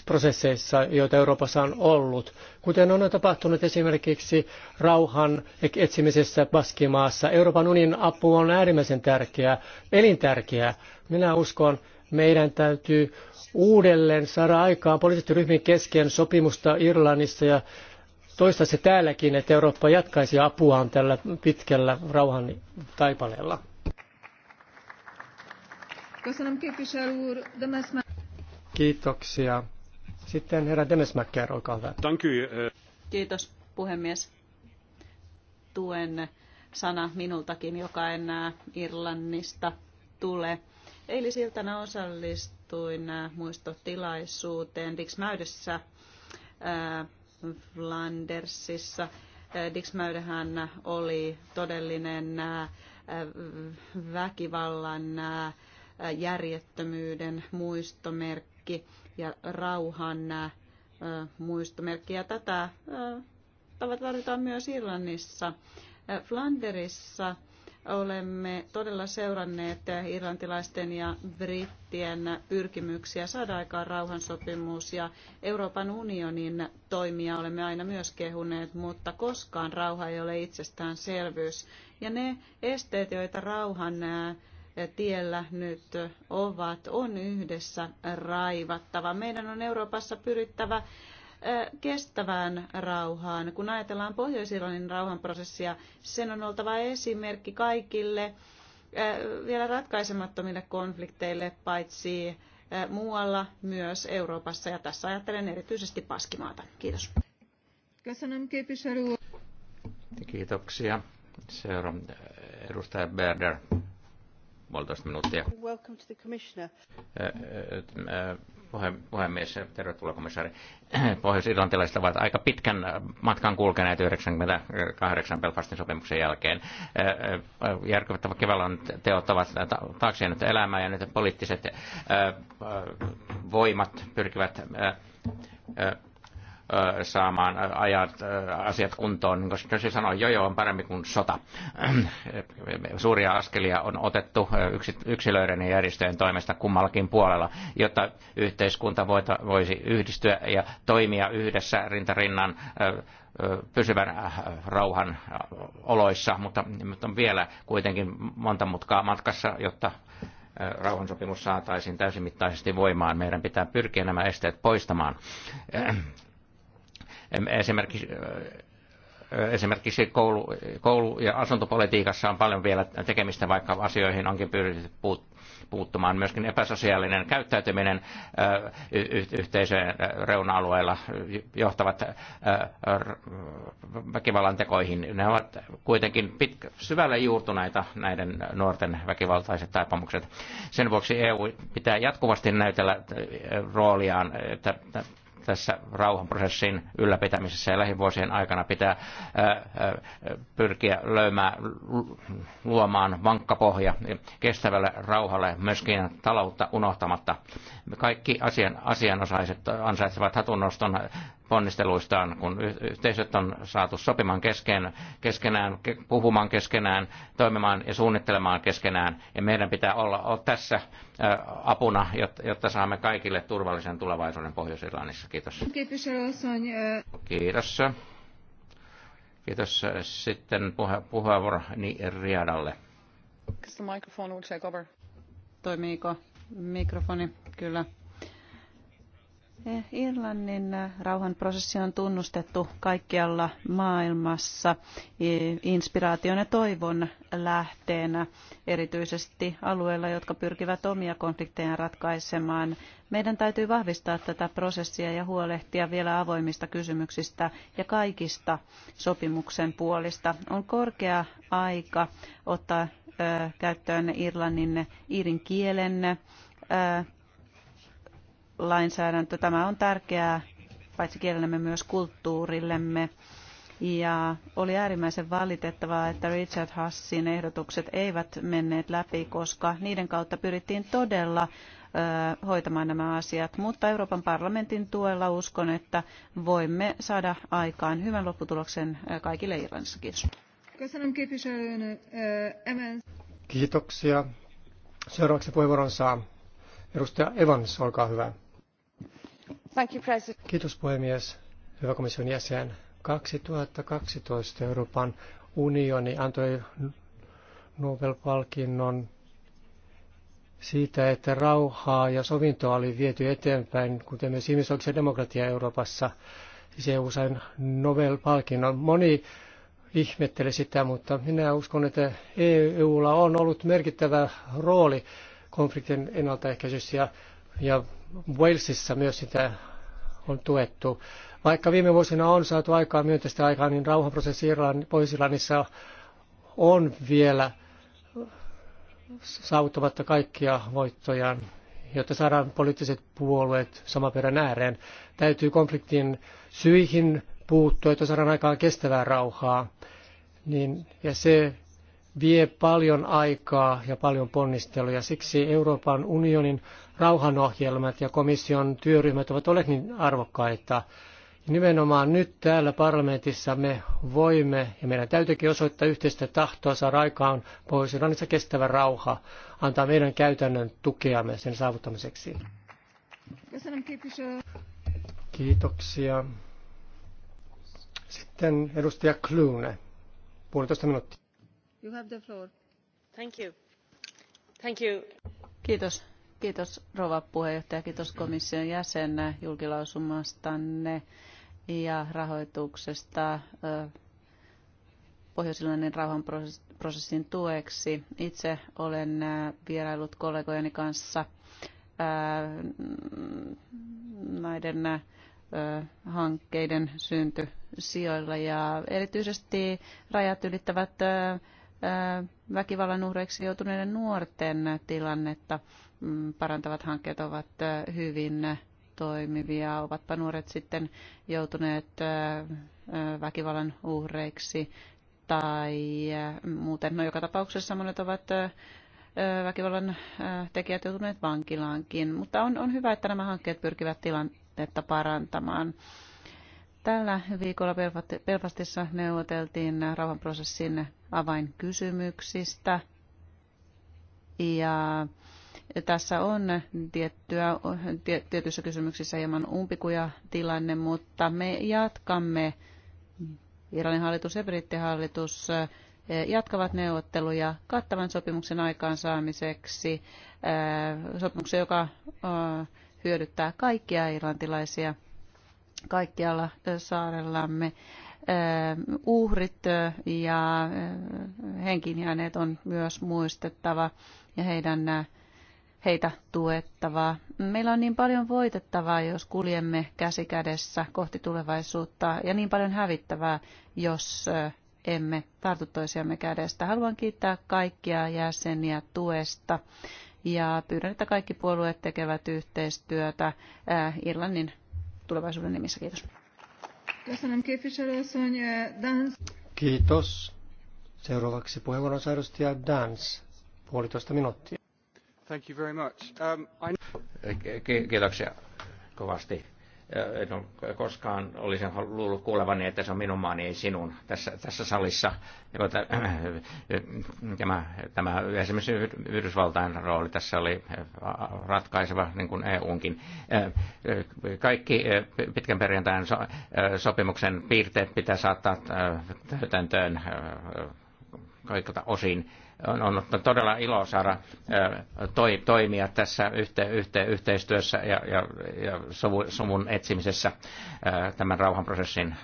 prosesseissa, joita Euroopassa on ollut, kuten on tapahtunut esimerkiksi rauhan etsimisessä Baskimaassa. Euroopan unionin apu on äärimmäisen tärkeää, elintärkeää. Minä uskon, meidän täytyy uudelleen saada aikaan poliittisten ryhmien kesken sopimusta Irlannissa ja toista se täälläkin, että Eurooppa jatkaisi apuaan tällä pitkällä rauhan taipaleella. Köszönöm Kiitoksia. Sitten herra Demesmäkkäär, olkaa hyvä. Eh. Kiitos puhemies. Tuen sana minultakin, joka enää eh, Irlannista tule. Eilisiltana osallistuin eh, muistotilaisuuteen Dixmäydessä Flandersissa. Dixmäydähän oli todellinen väkivallan järjettömyyden muistomerkki merkki ja rauhan äh, muistomerkki. Ja tätä äh, tarvitaan myös Irlannissa. Äh, Flanderissa olemme todella seuranneet irlantilaisten ja brittien pyrkimyksiä saada aikaan rauhansopimus ja Euroopan unionin toimia olemme aina myös kehuneet, mutta koskaan rauha ei ole itsestäänselvyys. Ja ne esteet, joita rauhan tiellä nyt ovat, on yhdessä raivattava. Meidän on Euroopassa pyrittävä kestävään rauhaan. Kun ajatellaan Pohjois-Irlannin rauhanprosessia, sen on oltava esimerkki kaikille vielä ratkaisemattomille konflikteille, paitsi muualla myös Euroopassa. Ja tässä ajattelen erityisesti Paskimaata. Kiitos. Kiitoksia. Seuraava edustaja Berder puolitoista minuuttia. Puhemies, tervetuloa komissaari. Pohjois-Irlantilaiset ovat aika pitkän matkan kulkeneet 98 Belfastin sopimuksen jälkeen. Järkyttävät on teot ovat taakse jäänyt elämää ja nyt poliittiset voimat pyrkivät saamaan ajat, asiat kuntoon, koska se sanoi, joo on parempi kuin sota. Suuria askelia on otettu yksilöiden ja järjestöjen toimesta kummallakin puolella, jotta yhteiskunta voisi yhdistyä ja toimia yhdessä rintarinnan pysyvän äh, rauhan oloissa, mutta, mutta on vielä kuitenkin monta mutkaa matkassa, jotta rauhansopimus saataisiin täysimittaisesti voimaan. Meidän pitää pyrkiä nämä esteet poistamaan. Esimerkiksi esimerkiksi koulu, koulu- ja asuntopolitiikassa on paljon vielä tekemistä, vaikka asioihin onkin pyritty puut, puuttumaan. Myöskin epäsosiaalinen käyttäytyminen y- yhteisöjen reuna-alueilla johtavat väkivallan tekoihin. Ne ovat kuitenkin pitkä, syvälle juurtuneita näiden nuorten väkivaltaiset taipumukset. Sen vuoksi EU pitää jatkuvasti näytellä rooliaan, että tässä rauhanprosessin ylläpitämisessä ja lähivuosien aikana pitää pyrkiä löymään, luomaan vankkapohja kestävälle rauhalle, myöskin taloutta unohtamatta. Kaikki asian, asianosaiset ansaitsevat hatunnoston ponnisteluistaan, kun yhteisöt on saatu sopimaan kesken, keskenään, puhumaan keskenään, toimimaan ja suunnittelemaan keskenään. Ja meidän pitää olla, olla tässä apuna, jotta saamme kaikille turvallisen tulevaisuuden Pohjois-Irlannissa. Kiitos. Kiitos. Kiitos. Sitten puhe, puheenvuoro Riadalle. Toimiiko mikrofoni? Kyllä. Eh, Irlannin eh, rauhanprosessi on tunnustettu kaikkialla maailmassa eh, inspiraation ja toivon lähteenä, erityisesti alueilla, jotka pyrkivät omia konfliktejaan ratkaisemaan. Meidän täytyy vahvistaa tätä prosessia ja huolehtia vielä avoimista kysymyksistä ja kaikista sopimuksen puolista. On korkea aika ottaa käyttöön Irlannin irin kielen lainsäädäntö. Tämä on tärkeää paitsi kielellemme myös kulttuurillemme. Ja oli äärimmäisen valitettavaa, että Richard Hassin ehdotukset eivät menneet läpi, koska niiden kautta pyrittiin todella hoitamaan nämä asiat. Mutta Euroopan parlamentin tuella uskon, että voimme saada aikaan hyvän lopputuloksen kaikille Irlannissa. Kiitos. Kiitoksia. Seuraavaksi puheenvuoron saa edustaja Evans, olkaa hyvä. Kiitos puhemies. Hyvä komission jäsen. 2012 Euroopan unioni antoi Nobel-palkinnon siitä, että rauhaa ja sovintoa oli viety eteenpäin, kuten myös ihmisoikeuksia demokratia Euroopassa. Siis EU sai Nobel-palkinnon. Moni ihmetteli sitä, mutta minä uskon, että EUlla on ollut merkittävä rooli konfliktien ennaltaehkäisyssä ja ja Walesissa myös sitä on tuettu. Vaikka viime vuosina on saatu aikaa myönteistä aikaa, niin rauhanprosessi Pohjois-Irlannissa on vielä saavuttamatta kaikkia voittojaan, jotta saadaan poliittiset puolueet saman perän ääreen. Täytyy konfliktin syihin puuttua, jotta saadaan aikaan kestävää rauhaa. Niin, ja se vie paljon aikaa ja paljon ponnisteluja. Siksi Euroopan unionin rauhanohjelmat ja komission työryhmät ovat olleet niin arvokkaita. Nimenomaan nyt täällä parlamentissa me voimme ja meidän täytyykin osoittaa yhteistä tahtoa saada aikaan pohjois Iranissa kestävä rauha, antaa meidän käytännön tukeamme sen saavuttamiseksi. Kiitoksia. Sitten edustaja Klune, puolitoista minuuttia arvoisa puhemies Kiitos. Kiitos rouva puheenjohtaja, kiitos komission jäsen julkilausumastanne ja rahoituksesta pohjois rauhanprosessin tueksi. Itse olen vieraillut kollegojeni kanssa näiden hankkeiden syntysijoilla ja erityisesti rajat ylittävät väkivallan uhreiksi joutuneiden nuorten tilannetta mm, parantavat hankkeet ovat hyvin toimivia, ovatpa nuoret sitten joutuneet väkivallan uhreiksi tai muuten. No joka tapauksessa monet ovat väkivallan tekijät joutuneet vankilaankin, mutta on, on hyvä, että nämä hankkeet pyrkivät tilannetta parantamaan. Tällä viikolla Belfastissa neuvoteltiin rauhanprosessin avainkysymyksistä ja tässä on tiettyä, tietyissä kysymyksissä hieman umpikuja tilanne, mutta me jatkamme, Iranin hallitus ja brittihallitus e, jatkavat neuvotteluja kattavan sopimuksen aikaansaamiseksi, e, sopimuksen, joka hyödyttää kaikkia irlantilaisia – kaikkialla saarellamme. Uhrit ja henkinjääneet on myös muistettava ja heidän heitä tuettavaa. Meillä on niin paljon voitettavaa, jos kuljemme käsi kädessä kohti tulevaisuutta, ja niin paljon hävittävää, jos emme tartu toisiamme kädestä. Haluan kiittää kaikkia jäseniä tuesta ja pyydän, että kaikki puolueet tekevät yhteistyötä Irlannin tulevaisuuden nimissä. Kiitos. Kiitos. Seuraavaksi puheenvuoron saa edustaja Dans. Puolitoista minuuttia. Thank you very much. Um, I... Kiitoksia kovasti en no, ole koskaan olisi luullut kuulevani, että se on minun maani, ei sinun tässä, tässä salissa. Tämä, tämä esimerkiksi Yhdysvaltain rooli tässä oli äh, ratkaiseva, niin kuin EUnkin. Äh, äh, kaikki pitkän perjantain sopimuksen piirteet pitää saattaa täytäntöön kaikilta osin on, on todella ilo saada toi, toimia tässä yhte, yhte, yhteistyössä ja, ja, ja sovun etsimisessä tämän rauhanprosessin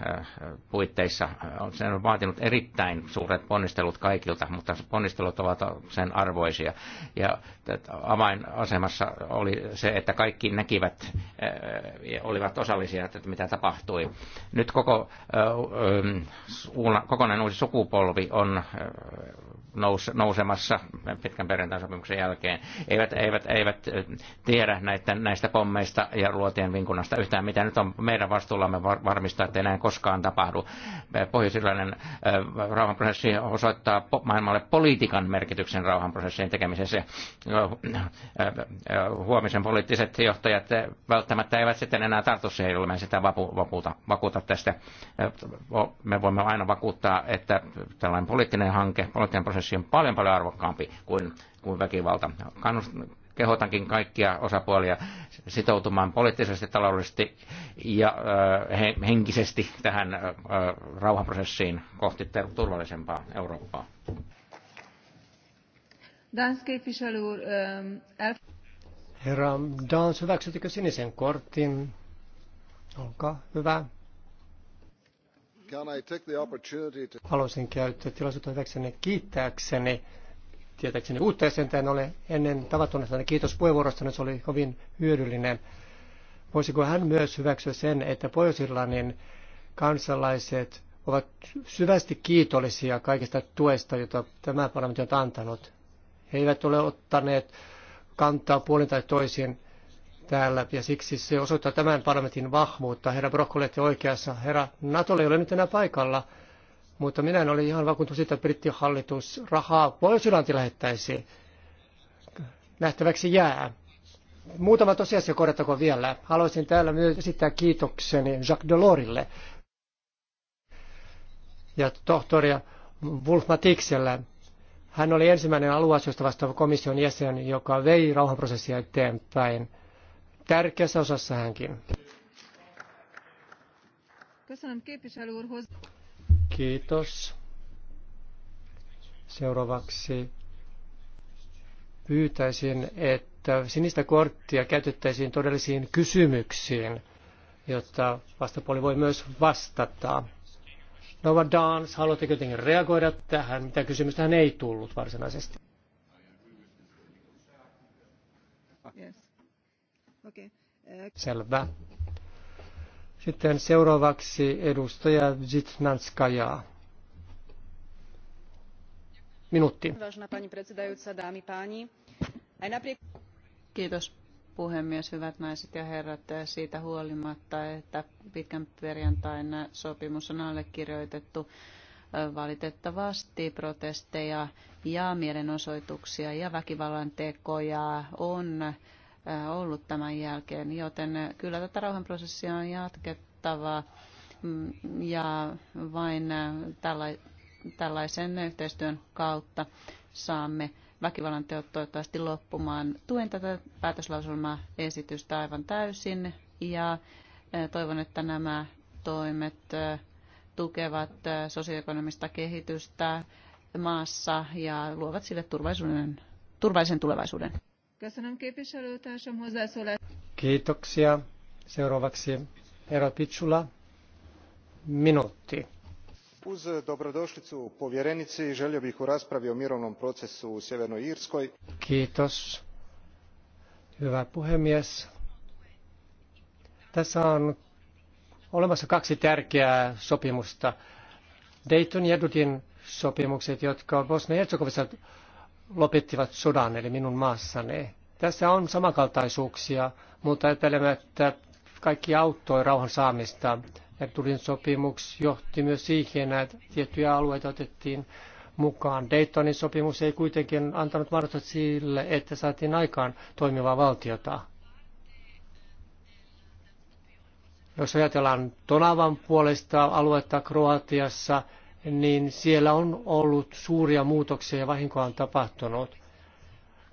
puitteissa. Se on vaatinut erittäin suuret ponnistelut kaikilta, mutta ponnistelut ovat sen arvoisia. Ja avainasemassa oli se, että kaikki näkivät ja olivat osallisia, että mitä tapahtui. Nyt koko kokonainen uusi sukupolvi on nous, nousemassa pitkän perjantain sopimuksen jälkeen, eivät, eivät, eivät tiedä näitä, näistä pommeista ja luotien vinkunnasta yhtään, mitä nyt on meidän vastuullamme varmistaa, että enää koskaan tapahdu. Pohjoisilainen rauhanprosessi osoittaa maailmalle politiikan merkityksen rauhanprosessien tekemisessä. Huomisen poliittiset johtajat välttämättä eivät sitten enää tartu siihen, jolloin me sitä vapu, vapuuta, vakuuta tästä. Me voimme aina vakuuttaa, että tällainen poliittinen hanke, poliittinen prosessi prosessi paljon paljon arvokkaampi kuin, kuin väkivalta. Kannust, kehotankin kaikkia osapuolia sitoutumaan poliittisesti, taloudellisesti ja äh, he, henkisesti tähän äh, rauhanprosessiin kohti turvallisempaa Eurooppaa. Ähm, Herra Dans, hyväksyttekö sinisen kortin? Olkaa hyvä. Haluaisin käyttää tilaisuutta hyväkseni kiittääkseni, tietääkseni uutta En ole ennen tavattomasta. Kiitos puheenvuorosta, se oli hyvin hyödyllinen. Voisiko hän myös hyväksyä sen, että Pohjois-Irlannin kansalaiset ovat syvästi kiitollisia kaikesta tuesta, jota tämä parlamentti on antanut. He eivät ole ottaneet kantaa puolin tai toisin täällä ja siksi se osoittaa tämän parlamentin vahvuutta. Herra Brock, olette oikeassa. Herra NATO ei ole nyt enää paikalla, mutta minä en ole ihan vakuuttunut siitä, että brittihallitus rahaa Pohjois-Irlanti lähettäisi. Nähtäväksi jää. Muutama tosiasia korjattako vielä. Haluaisin täällä myös esittää kiitokseni Jacques Delorille ja tohtori Wolf Matiksellä. Hän oli ensimmäinen alueasioista vastaava komission jäsen, joka vei rauhanprosessia eteenpäin – tärkeässä osassa hänkin. Kiitos. Seuraavaksi pyytäisin, että sinistä korttia käytettäisiin todellisiin kysymyksiin, jotta vastapuoli voi myös vastata. Nova Dance, haluatteko jotenkin reagoida tähän? Mitä kysymystä hän ei tullut varsinaisesti? Selvä. Sitten seuraavaksi edustaja Zitnanskaja. Minuutti. Kiitos puhemies, hyvät naiset ja herrat, siitä huolimatta, että pitkän perjantain sopimus on allekirjoitettu valitettavasti protesteja ja mielenosoituksia ja väkivallan tekoja on ollut tämän jälkeen, joten kyllä tätä rauhanprosessia on jatkettava mm, ja vain tällaisen yhteistyön kautta saamme väkivallan teot toivottavasti loppumaan. Tuen tätä päätöslauselmaa esitystä aivan täysin ja toivon, että nämä toimet tukevat sosioekonomista kehitystä maassa ja luovat sille turvallisuuden, turvallisen tulevaisuuden. Köszönöm képviselőtársam Kiitoksia. Seuraavaksi herra Picsula. minuutti. Uz dobrodošlicu povjerenici želio bih u raspravi o mirovnom procesu u Sjevernoj Irskoj. Kiitos. Hyvä puhemies. Tässä on olemassa kaksi tärkeää sopimusta. Dayton ja Dudin sopimukset, jotka Bosnia-Herzegovissa lopettivat sodan, eli minun maassani. Tässä on samankaltaisuuksia, mutta epäilemättä kaikki auttoi rauhan saamista. Ertulin sopimus johti myös siihen, että tiettyjä alueita otettiin mukaan. Daytonin sopimus ei kuitenkin antanut mahdollisuutta sille, että saatiin aikaan toimivaa valtiota. Jos ajatellaan Tonavan puolesta aluetta Kroatiassa, niin siellä on ollut suuria muutoksia ja vahinkoa on tapahtunut.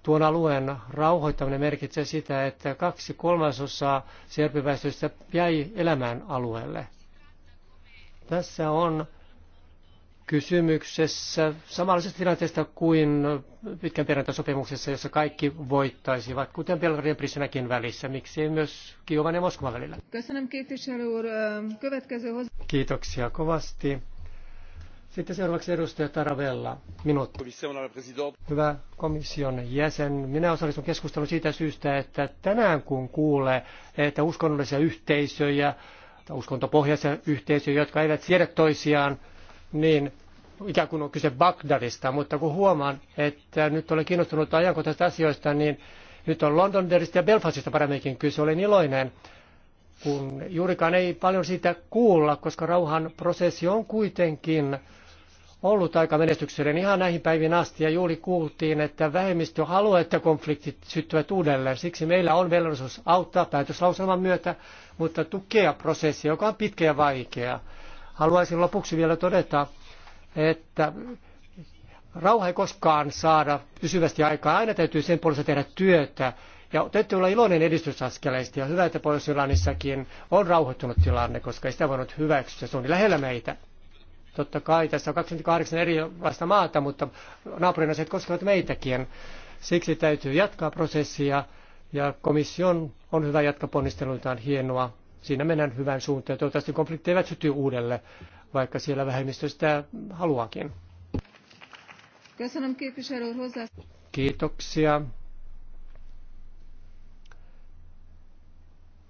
Tuon alueen rauhoittaminen merkitsee sitä, että kaksi kolmasosaa serpiväestöstä jäi elämään alueelle. Tässä on kysymyksessä samanlaisesta tilanteesta kuin pitkän perjantai jossa kaikki voittaisivat, kuten Belgradin Prisinäkin välissä, miksi myös Kiovan ja Moskovan välillä. Kiitoksia kovasti. Sitten seuraavaksi edustaja Taravella. Minuutti. Hyvä komission jäsen, minä osallistun keskusteluun siitä syystä, että tänään kun kuulee, että uskonnollisia yhteisöjä tai uskontopohjaisia yhteisöjä, jotka eivät siedä toisiaan, niin ikään kuin on kyse Bagdadista, mutta kun huomaan, että nyt olen kiinnostunut ajankohtaisista asioista, niin nyt on Londonderista ja Belfastista paremminkin kyse. Olen iloinen, kun juurikaan ei paljon siitä kuulla, koska rauhan prosessi on kuitenkin ollut aika menestyksellinen ihan näihin päiviin asti ja juuri kuultiin, että vähemmistö haluaa, että konfliktit syttyvät uudelleen. Siksi meillä on velvollisuus auttaa päätöslauselman myötä, mutta tukea prosessia, joka on pitkä ja vaikea. Haluaisin lopuksi vielä todeta, että rauha ei koskaan saada pysyvästi aikaa. Aina täytyy sen puolesta tehdä työtä. Ja täytyy olla iloinen edistysaskeleista ja hyvä, että pohjois on rauhoittunut tilanne, koska ei sitä voinut hyväksyä. Se on lähellä meitä. Totta kai tässä on 28 erilaista maata, mutta naapurin asiat koskevat meitäkin. Siksi täytyy jatkaa prosessia ja komission on hyvä jatkaa ponnisteluitaan hienoa. Siinä mennään hyvään suuntaan. Toivottavasti konflikti eivät syty uudelle, vaikka siellä vähemmistö sitä haluakin. Kiitoksia.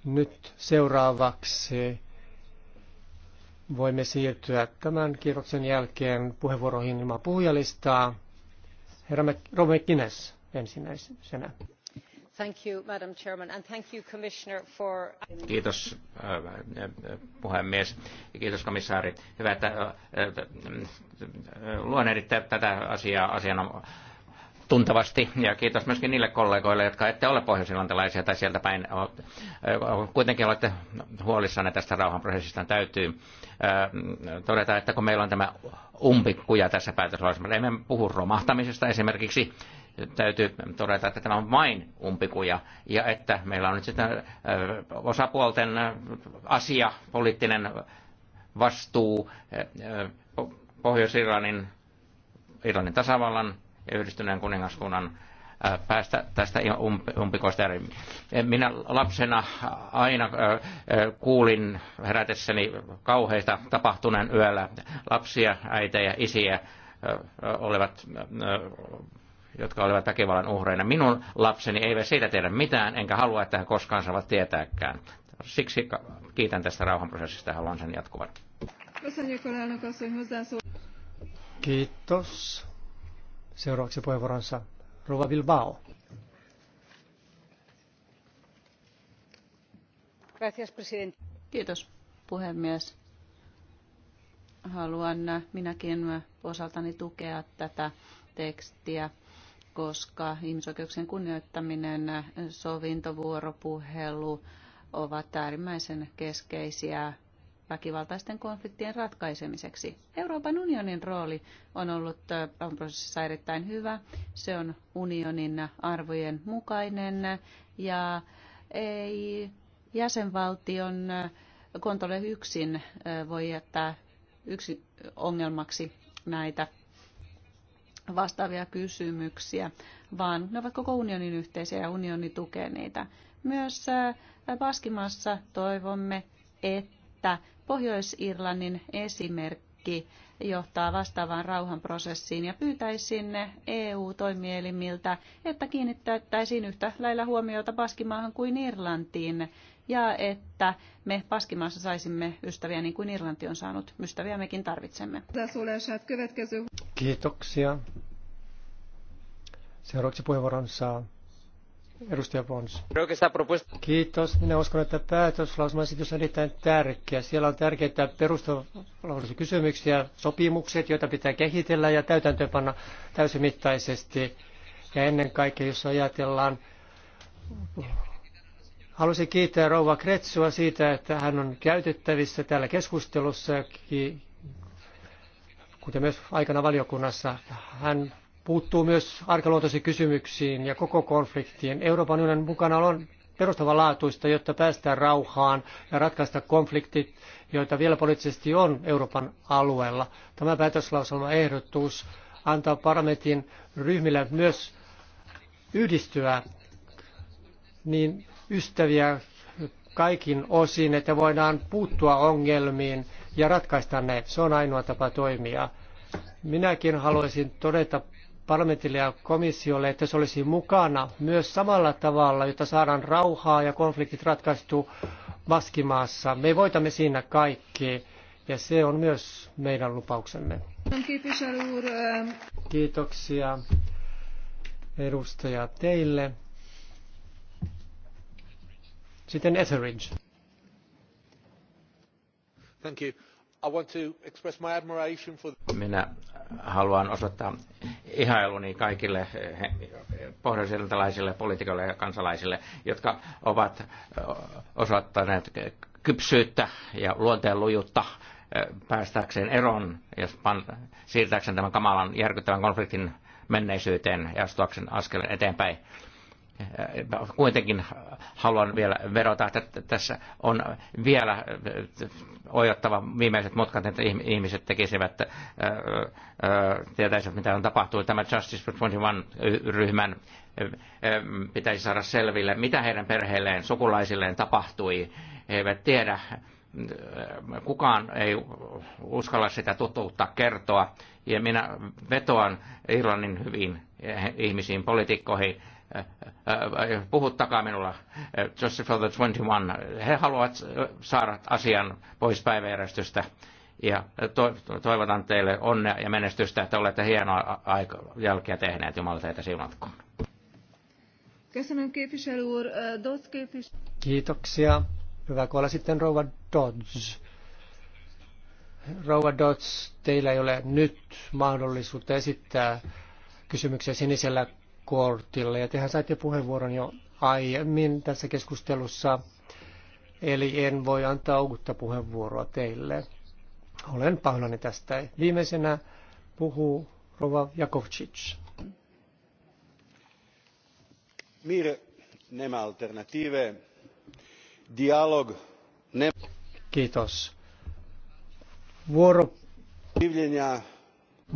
Nyt seuraavaksi voimme siirtyä tämän kierroksen jälkeen puheenvuoroihin ilman puhujalistaa. Herra Romekines ensimmäisenä. Thank you, Madam Chairman, and thank you, Commissioner, for... Kiitos äh, puhemies ja kiitos komissaari. Hyvä, että äh, äh, luonnehditte tätä asiaa asianomaisesti tuntavasti. Ja kiitos myöskin niille kollegoille, jotka ette ole pohjoisilantilaisia tai sieltä päin. Kuitenkin olette huolissanne tästä rauhanprosessista. Täytyy todeta, että kun meillä on tämä umpikuja tässä päätöslauselmassa, niin emme puhu romahtamisesta esimerkiksi, täytyy todeta, että tämä on vain umpikuja ja että meillä on nyt sitten osapuolten asia, poliittinen vastuu Pohjois-Irlannin Irlannin tasavallan yhdistyneen kuningaskunnan päästä tästä umpikoista. E, minä lapsena aina kuulin herätessäni kauheita tapahtuneen yöllä. Lapsia, äitejä, isiä olivat jotka olivat väkivallan uhreina. Minun lapseni eivät siitä tiedä mitään, enkä halua, että hän koskaan saavat tietääkään. Siksi kiitän tästä rauhanprosessista ja haluan sen jatkuvan. Kiitos seuraavaksi puheenvuoronsa Rova Bilbao. Kiitos puhemies. Haluan minäkin osaltani tukea tätä tekstiä, koska ihmisoikeuksien kunnioittaminen, sovintovuoropuhelu ovat äärimmäisen keskeisiä väkivaltaisten konfliktien ratkaisemiseksi. Euroopan unionin rooli on ollut prosessissa erittäin hyvä. Se on unionin arvojen mukainen ja ei jäsenvaltion kontolle yksin voi jättää yksi ongelmaksi näitä vastaavia kysymyksiä, vaan ne ovat koko unionin yhteisiä ja unioni tukee niitä. Myös Paskimassa toivomme, että Pohjois-Irlannin esimerkki johtaa vastaavaan rauhanprosessiin ja pyytäisin EU-toimielimiltä, että kiinnittäisiin yhtä lailla huomiota Baskimaahan kuin Irlantiin ja että me Paskimaassa saisimme ystäviä niin kuin Irlanti on saanut. Ystäviä mekin tarvitsemme. Kiitoksia. Seuraavaksi puheenvuoron saa Edustaja Kiitos. Minä uskon, että päätöslausumaesitys on erittäin tärkeä. Siellä on tärkeitä kysymyksiä sopimukset, joita pitää kehitellä ja täytäntöönpanna täysimittaisesti. Ja ennen kaikkea, jos ajatellaan, haluaisin kiittää rouva Kretsua siitä, että hän on käytettävissä täällä keskustelussa, kuten myös aikana valiokunnassa. Hän puuttuu myös arkaluontoisiin kysymyksiin ja koko konfliktiin. Euroopan unionin mukana on perustavanlaatuista, jotta päästään rauhaan ja ratkaista konfliktit, joita vielä poliittisesti on Euroopan alueella. Tämä päätöslauselma ehdotus antaa parlamentin ryhmille myös yhdistyä niin ystäviä kaikin osin, että voidaan puuttua ongelmiin ja ratkaista ne. Se on ainoa tapa toimia. Minäkin haluaisin todeta parlamentille ja komissiolle, että se olisi mukana myös samalla tavalla, jotta saadaan rauhaa ja konfliktit ratkaistu Baskimaassa. Me voitamme siinä kaikki ja se on myös meidän lupauksemme. Kiitoksia edustaja teille. Sitten Etheridge. Thank you. Minä haluan osoittaa ihailuni kaikille eh, pohjoisiltalaisille poliitikoille ja kansalaisille, jotka ovat eh, osoittaneet kypsyyttä ja luonteen lujutta eh, päästäkseen eroon ja siirtääkseen tämän kamalan järkyttävän konfliktin menneisyyteen ja astuakseen askeleen eteenpäin. Äh, kuitenkin haluan vielä verota, että tässä on vielä äh, ojottava viimeiset mutkat, että ihmiset tekisivät, äh, tietäisivät mitä on tapahtunut. Tämä Justice for 21-ryhmän pitäisi saada selville, mitä heidän perheelleen, sukulaisilleen tapahtui. He eivät tiedä, kukaan ei uskalla sitä tutuutta kertoa. Ja minä vetoan Irlannin hyviin eh, ihmisiin, poliitikkoihin, Äh, äh, äh, puhuttakaa minulla, Justice for the 21. He haluavat saada asian pois päiväjärjestystä ja toivotan teille onnea ja menestystä, että olette hienoa aika, jälkeä tehneet. Jumala teitä siunatkoon. Kiitoksia. Hyvä kuolla sitten Rouva Dodge. Rouva Dodge, teillä ei ole nyt mahdollisuutta esittää kysymyksiä sinisellä kortille. Ja tehän saitte puheenvuoron jo aiemmin tässä keskustelussa, eli en voi antaa uutta puheenvuoroa teille. Olen pahoillani tästä. Viimeisenä puhuu Rova Jakovčić. Mir nema alternative. Dialog nema... Kiitos. Vuoro...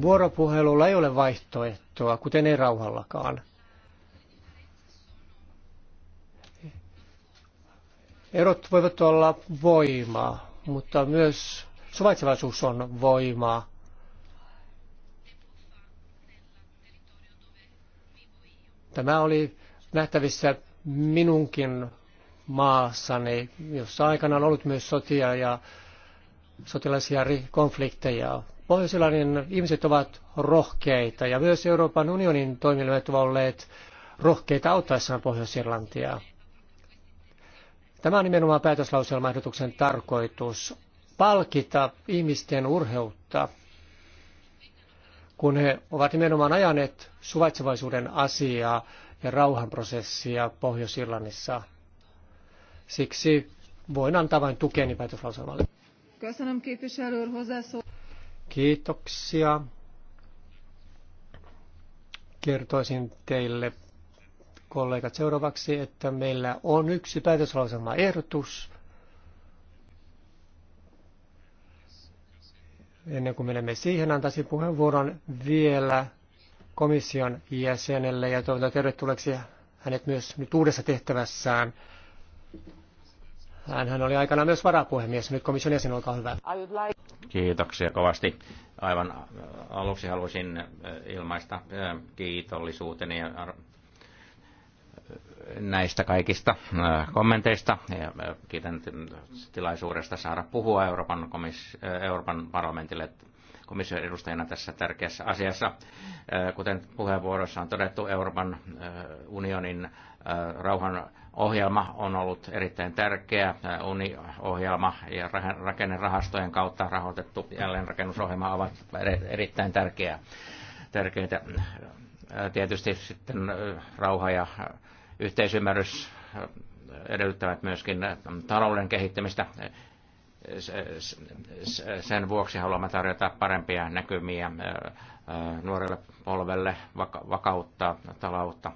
Vuoropuhelulla ei ole vaihtoehtoa, kuten ei rauhallakaan. Erot voivat olla voimaa, mutta myös suvaitsevaisuus on voimaa. Tämä oli nähtävissä minunkin maassani, jossa aikana on ollut myös sotia ja sotilaisia konflikteja. Pohjois-Irlannin ihmiset ovat rohkeita ja myös Euroopan unionin toimijat ovat olleet rohkeita auttaessaan Pohjois-Irlantia. Tämä on nimenomaan päätöslauselmaehdotuksen tarkoitus, palkita ihmisten urheutta, kun he ovat nimenomaan ajaneet suvaitsevaisuuden asiaa ja rauhanprosessia Pohjois-Irlannissa. Siksi voin antaa vain tukeni päätöslauselmalle. Kiitoksia. Kertoisin teille kollegat seuraavaksi, että meillä on yksi päätöslauselma ehdotus. Ennen kuin menemme siihen, antaisin puheenvuoron vielä komission jäsenelle ja toivotan tervetulleeksi hänet myös nyt uudessa tehtävässään. Hänhän oli aikana myös varapuhemies. Nyt komission jäsen, olkaa hyvä. Kiitoksia kovasti. Aivan äh, aluksi haluaisin äh, ilmaista äh, kiitollisuuteni näistä kaikista kommenteista. Ja kiitän tilaisuudesta saada puhua Euroopan, komis- Euroopan parlamentille komission edustajana tässä tärkeässä asiassa. Kuten puheenvuorossa on todettu, Euroopan unionin rauhan ohjelma on ollut erittäin tärkeä. UNI-ohjelma ja rakennerahastojen kautta rahoitettu jälleenrakennusohjelma ovat erittäin tärkeä, tärkeitä. Tietysti sitten rauha ja yhteisymmärrys edellyttävät myöskin talouden kehittämistä. Sen vuoksi haluamme tarjota parempia näkymiä nuorelle polvelle, vakauttaa taloutta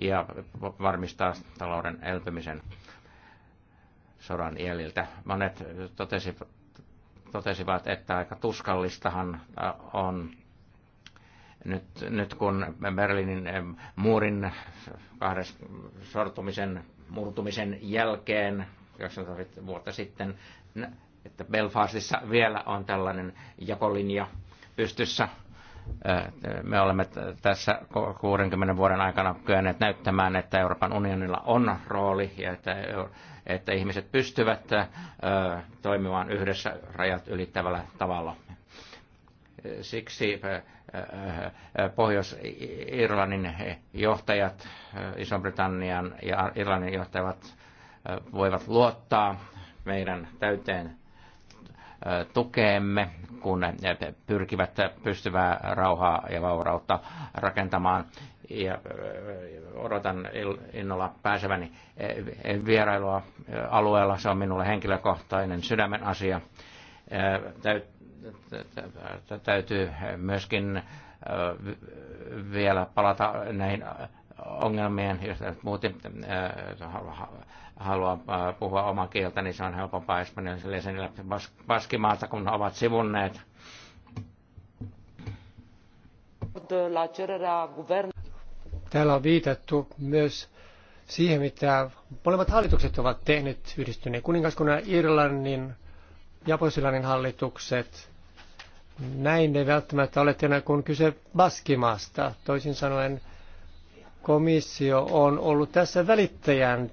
ja varmistaa talouden elpymisen sodan jäljiltä. Monet totesi totesivat, että aika tuskallistahan äh, on nyt, nyt kun Berliinin äh, muurin kahden sortumisen, murtumisen jälkeen 90 vuotta sitten, että Belfastissa vielä on tällainen jakolinja pystyssä Äh, me olemme tässä 60 vuoden aikana kyenneet näyttämään, että Euroopan unionilla on rooli ja että, että ihmiset pystyvät äh, toimimaan yhdessä rajat ylittävällä tavalla. Siksi äh, Pohjois-Irlannin johtajat, Iso-Britannian ja Irlannin johtajat voivat luottaa meidän täyteen tukeemme, kun pyrkivät pystyvää rauhaa ja vaurautta rakentamaan. Ja odotan innolla pääseväni vierailua alueella. Se on minulle henkilökohtainen sydämen asia. Täytyy myöskin vielä palata näihin ongelmien, joista muuten haluaa äh, puhua omaa kieltä, niin se on helpompaa espanjalaisille jäsenille Baskimaalta, kun ovat sivunneet. Täällä on viitattu myös siihen, mitä molemmat hallitukset ovat tehneet yhdistyneen kuningaskunnan Irlannin ja Posilanin hallitukset. Näin ei välttämättä ole enää kun kyse Baskimaasta. Toisin sanoen komissio on ollut tässä välittäjän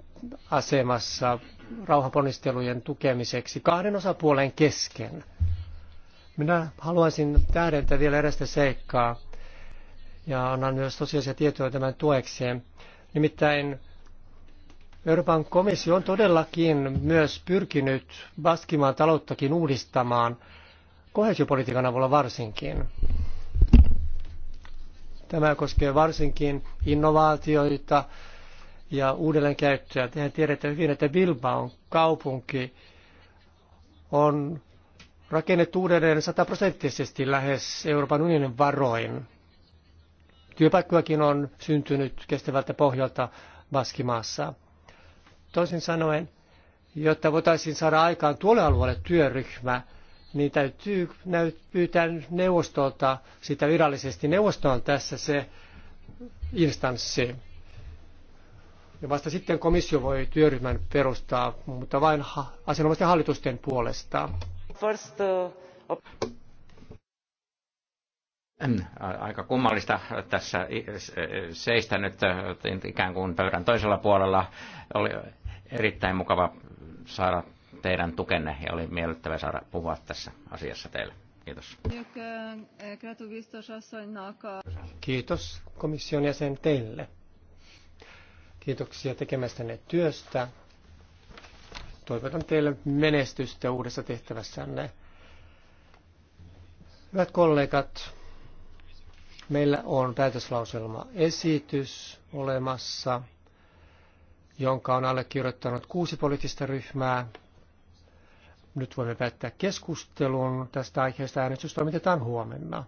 asemassa rauhanponnistelujen tukemiseksi kahden osapuolen kesken. Minä haluaisin tähdentää vielä erästä seikkaa ja annan myös tosiasia tietoa tämän tuekseen. Nimittäin Euroopan komissio on todellakin myös pyrkinyt Baskimaan talouttakin uudistamaan, kohesiopolitiikan avulla varsinkin. Tämä koskee varsinkin innovaatioita, ja uudelleenkäyttöä. Tehän tiedätte hyvin, että on kaupunki on rakennettu uudelleen sataprosenttisesti lähes Euroopan unionin varoin. Työpaikkojakin on syntynyt kestävältä pohjalta Baskimaassa. Toisin sanoen, jotta voitaisiin saada aikaan tuolle alueelle työryhmä, niin täytyy pyytää neuvostolta sitä virallisesti. Neuvosto on tässä se instanssi. Ja vasta sitten komissio voi työryhmän perustaa, mutta vain ha- asianomaisten hallitusten puolesta. First, uh, Aika kummallista tässä e-, seistä nyt ikään kuin pöydän toisella puolella. Oli erittäin mukava saada teidän tukenne ja oli miellyttävä saada puhua tässä asiassa teille. Kiitos. Kiitos komission jäsen teille. Kiitoksia tekemästänne työstä. Toivotan teille menestystä uudessa tehtävässänne. Hyvät kollegat, meillä on päätöslauselma esitys olemassa, jonka on allekirjoittanut kuusi poliittista ryhmää. Nyt voimme päättää keskustelun tästä aiheesta. Äänestys toimitetaan huomenna.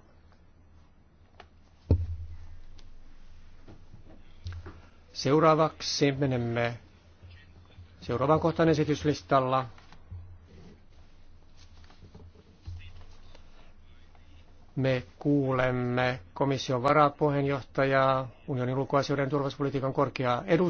Seuraavaksi menemme seuraavan kohtaan esityslistalla. Me kuulemme komission varapuheenjohtajaa, unionin ulkoasioiden turvallisuuspolitiikan korkeaa edustajaa.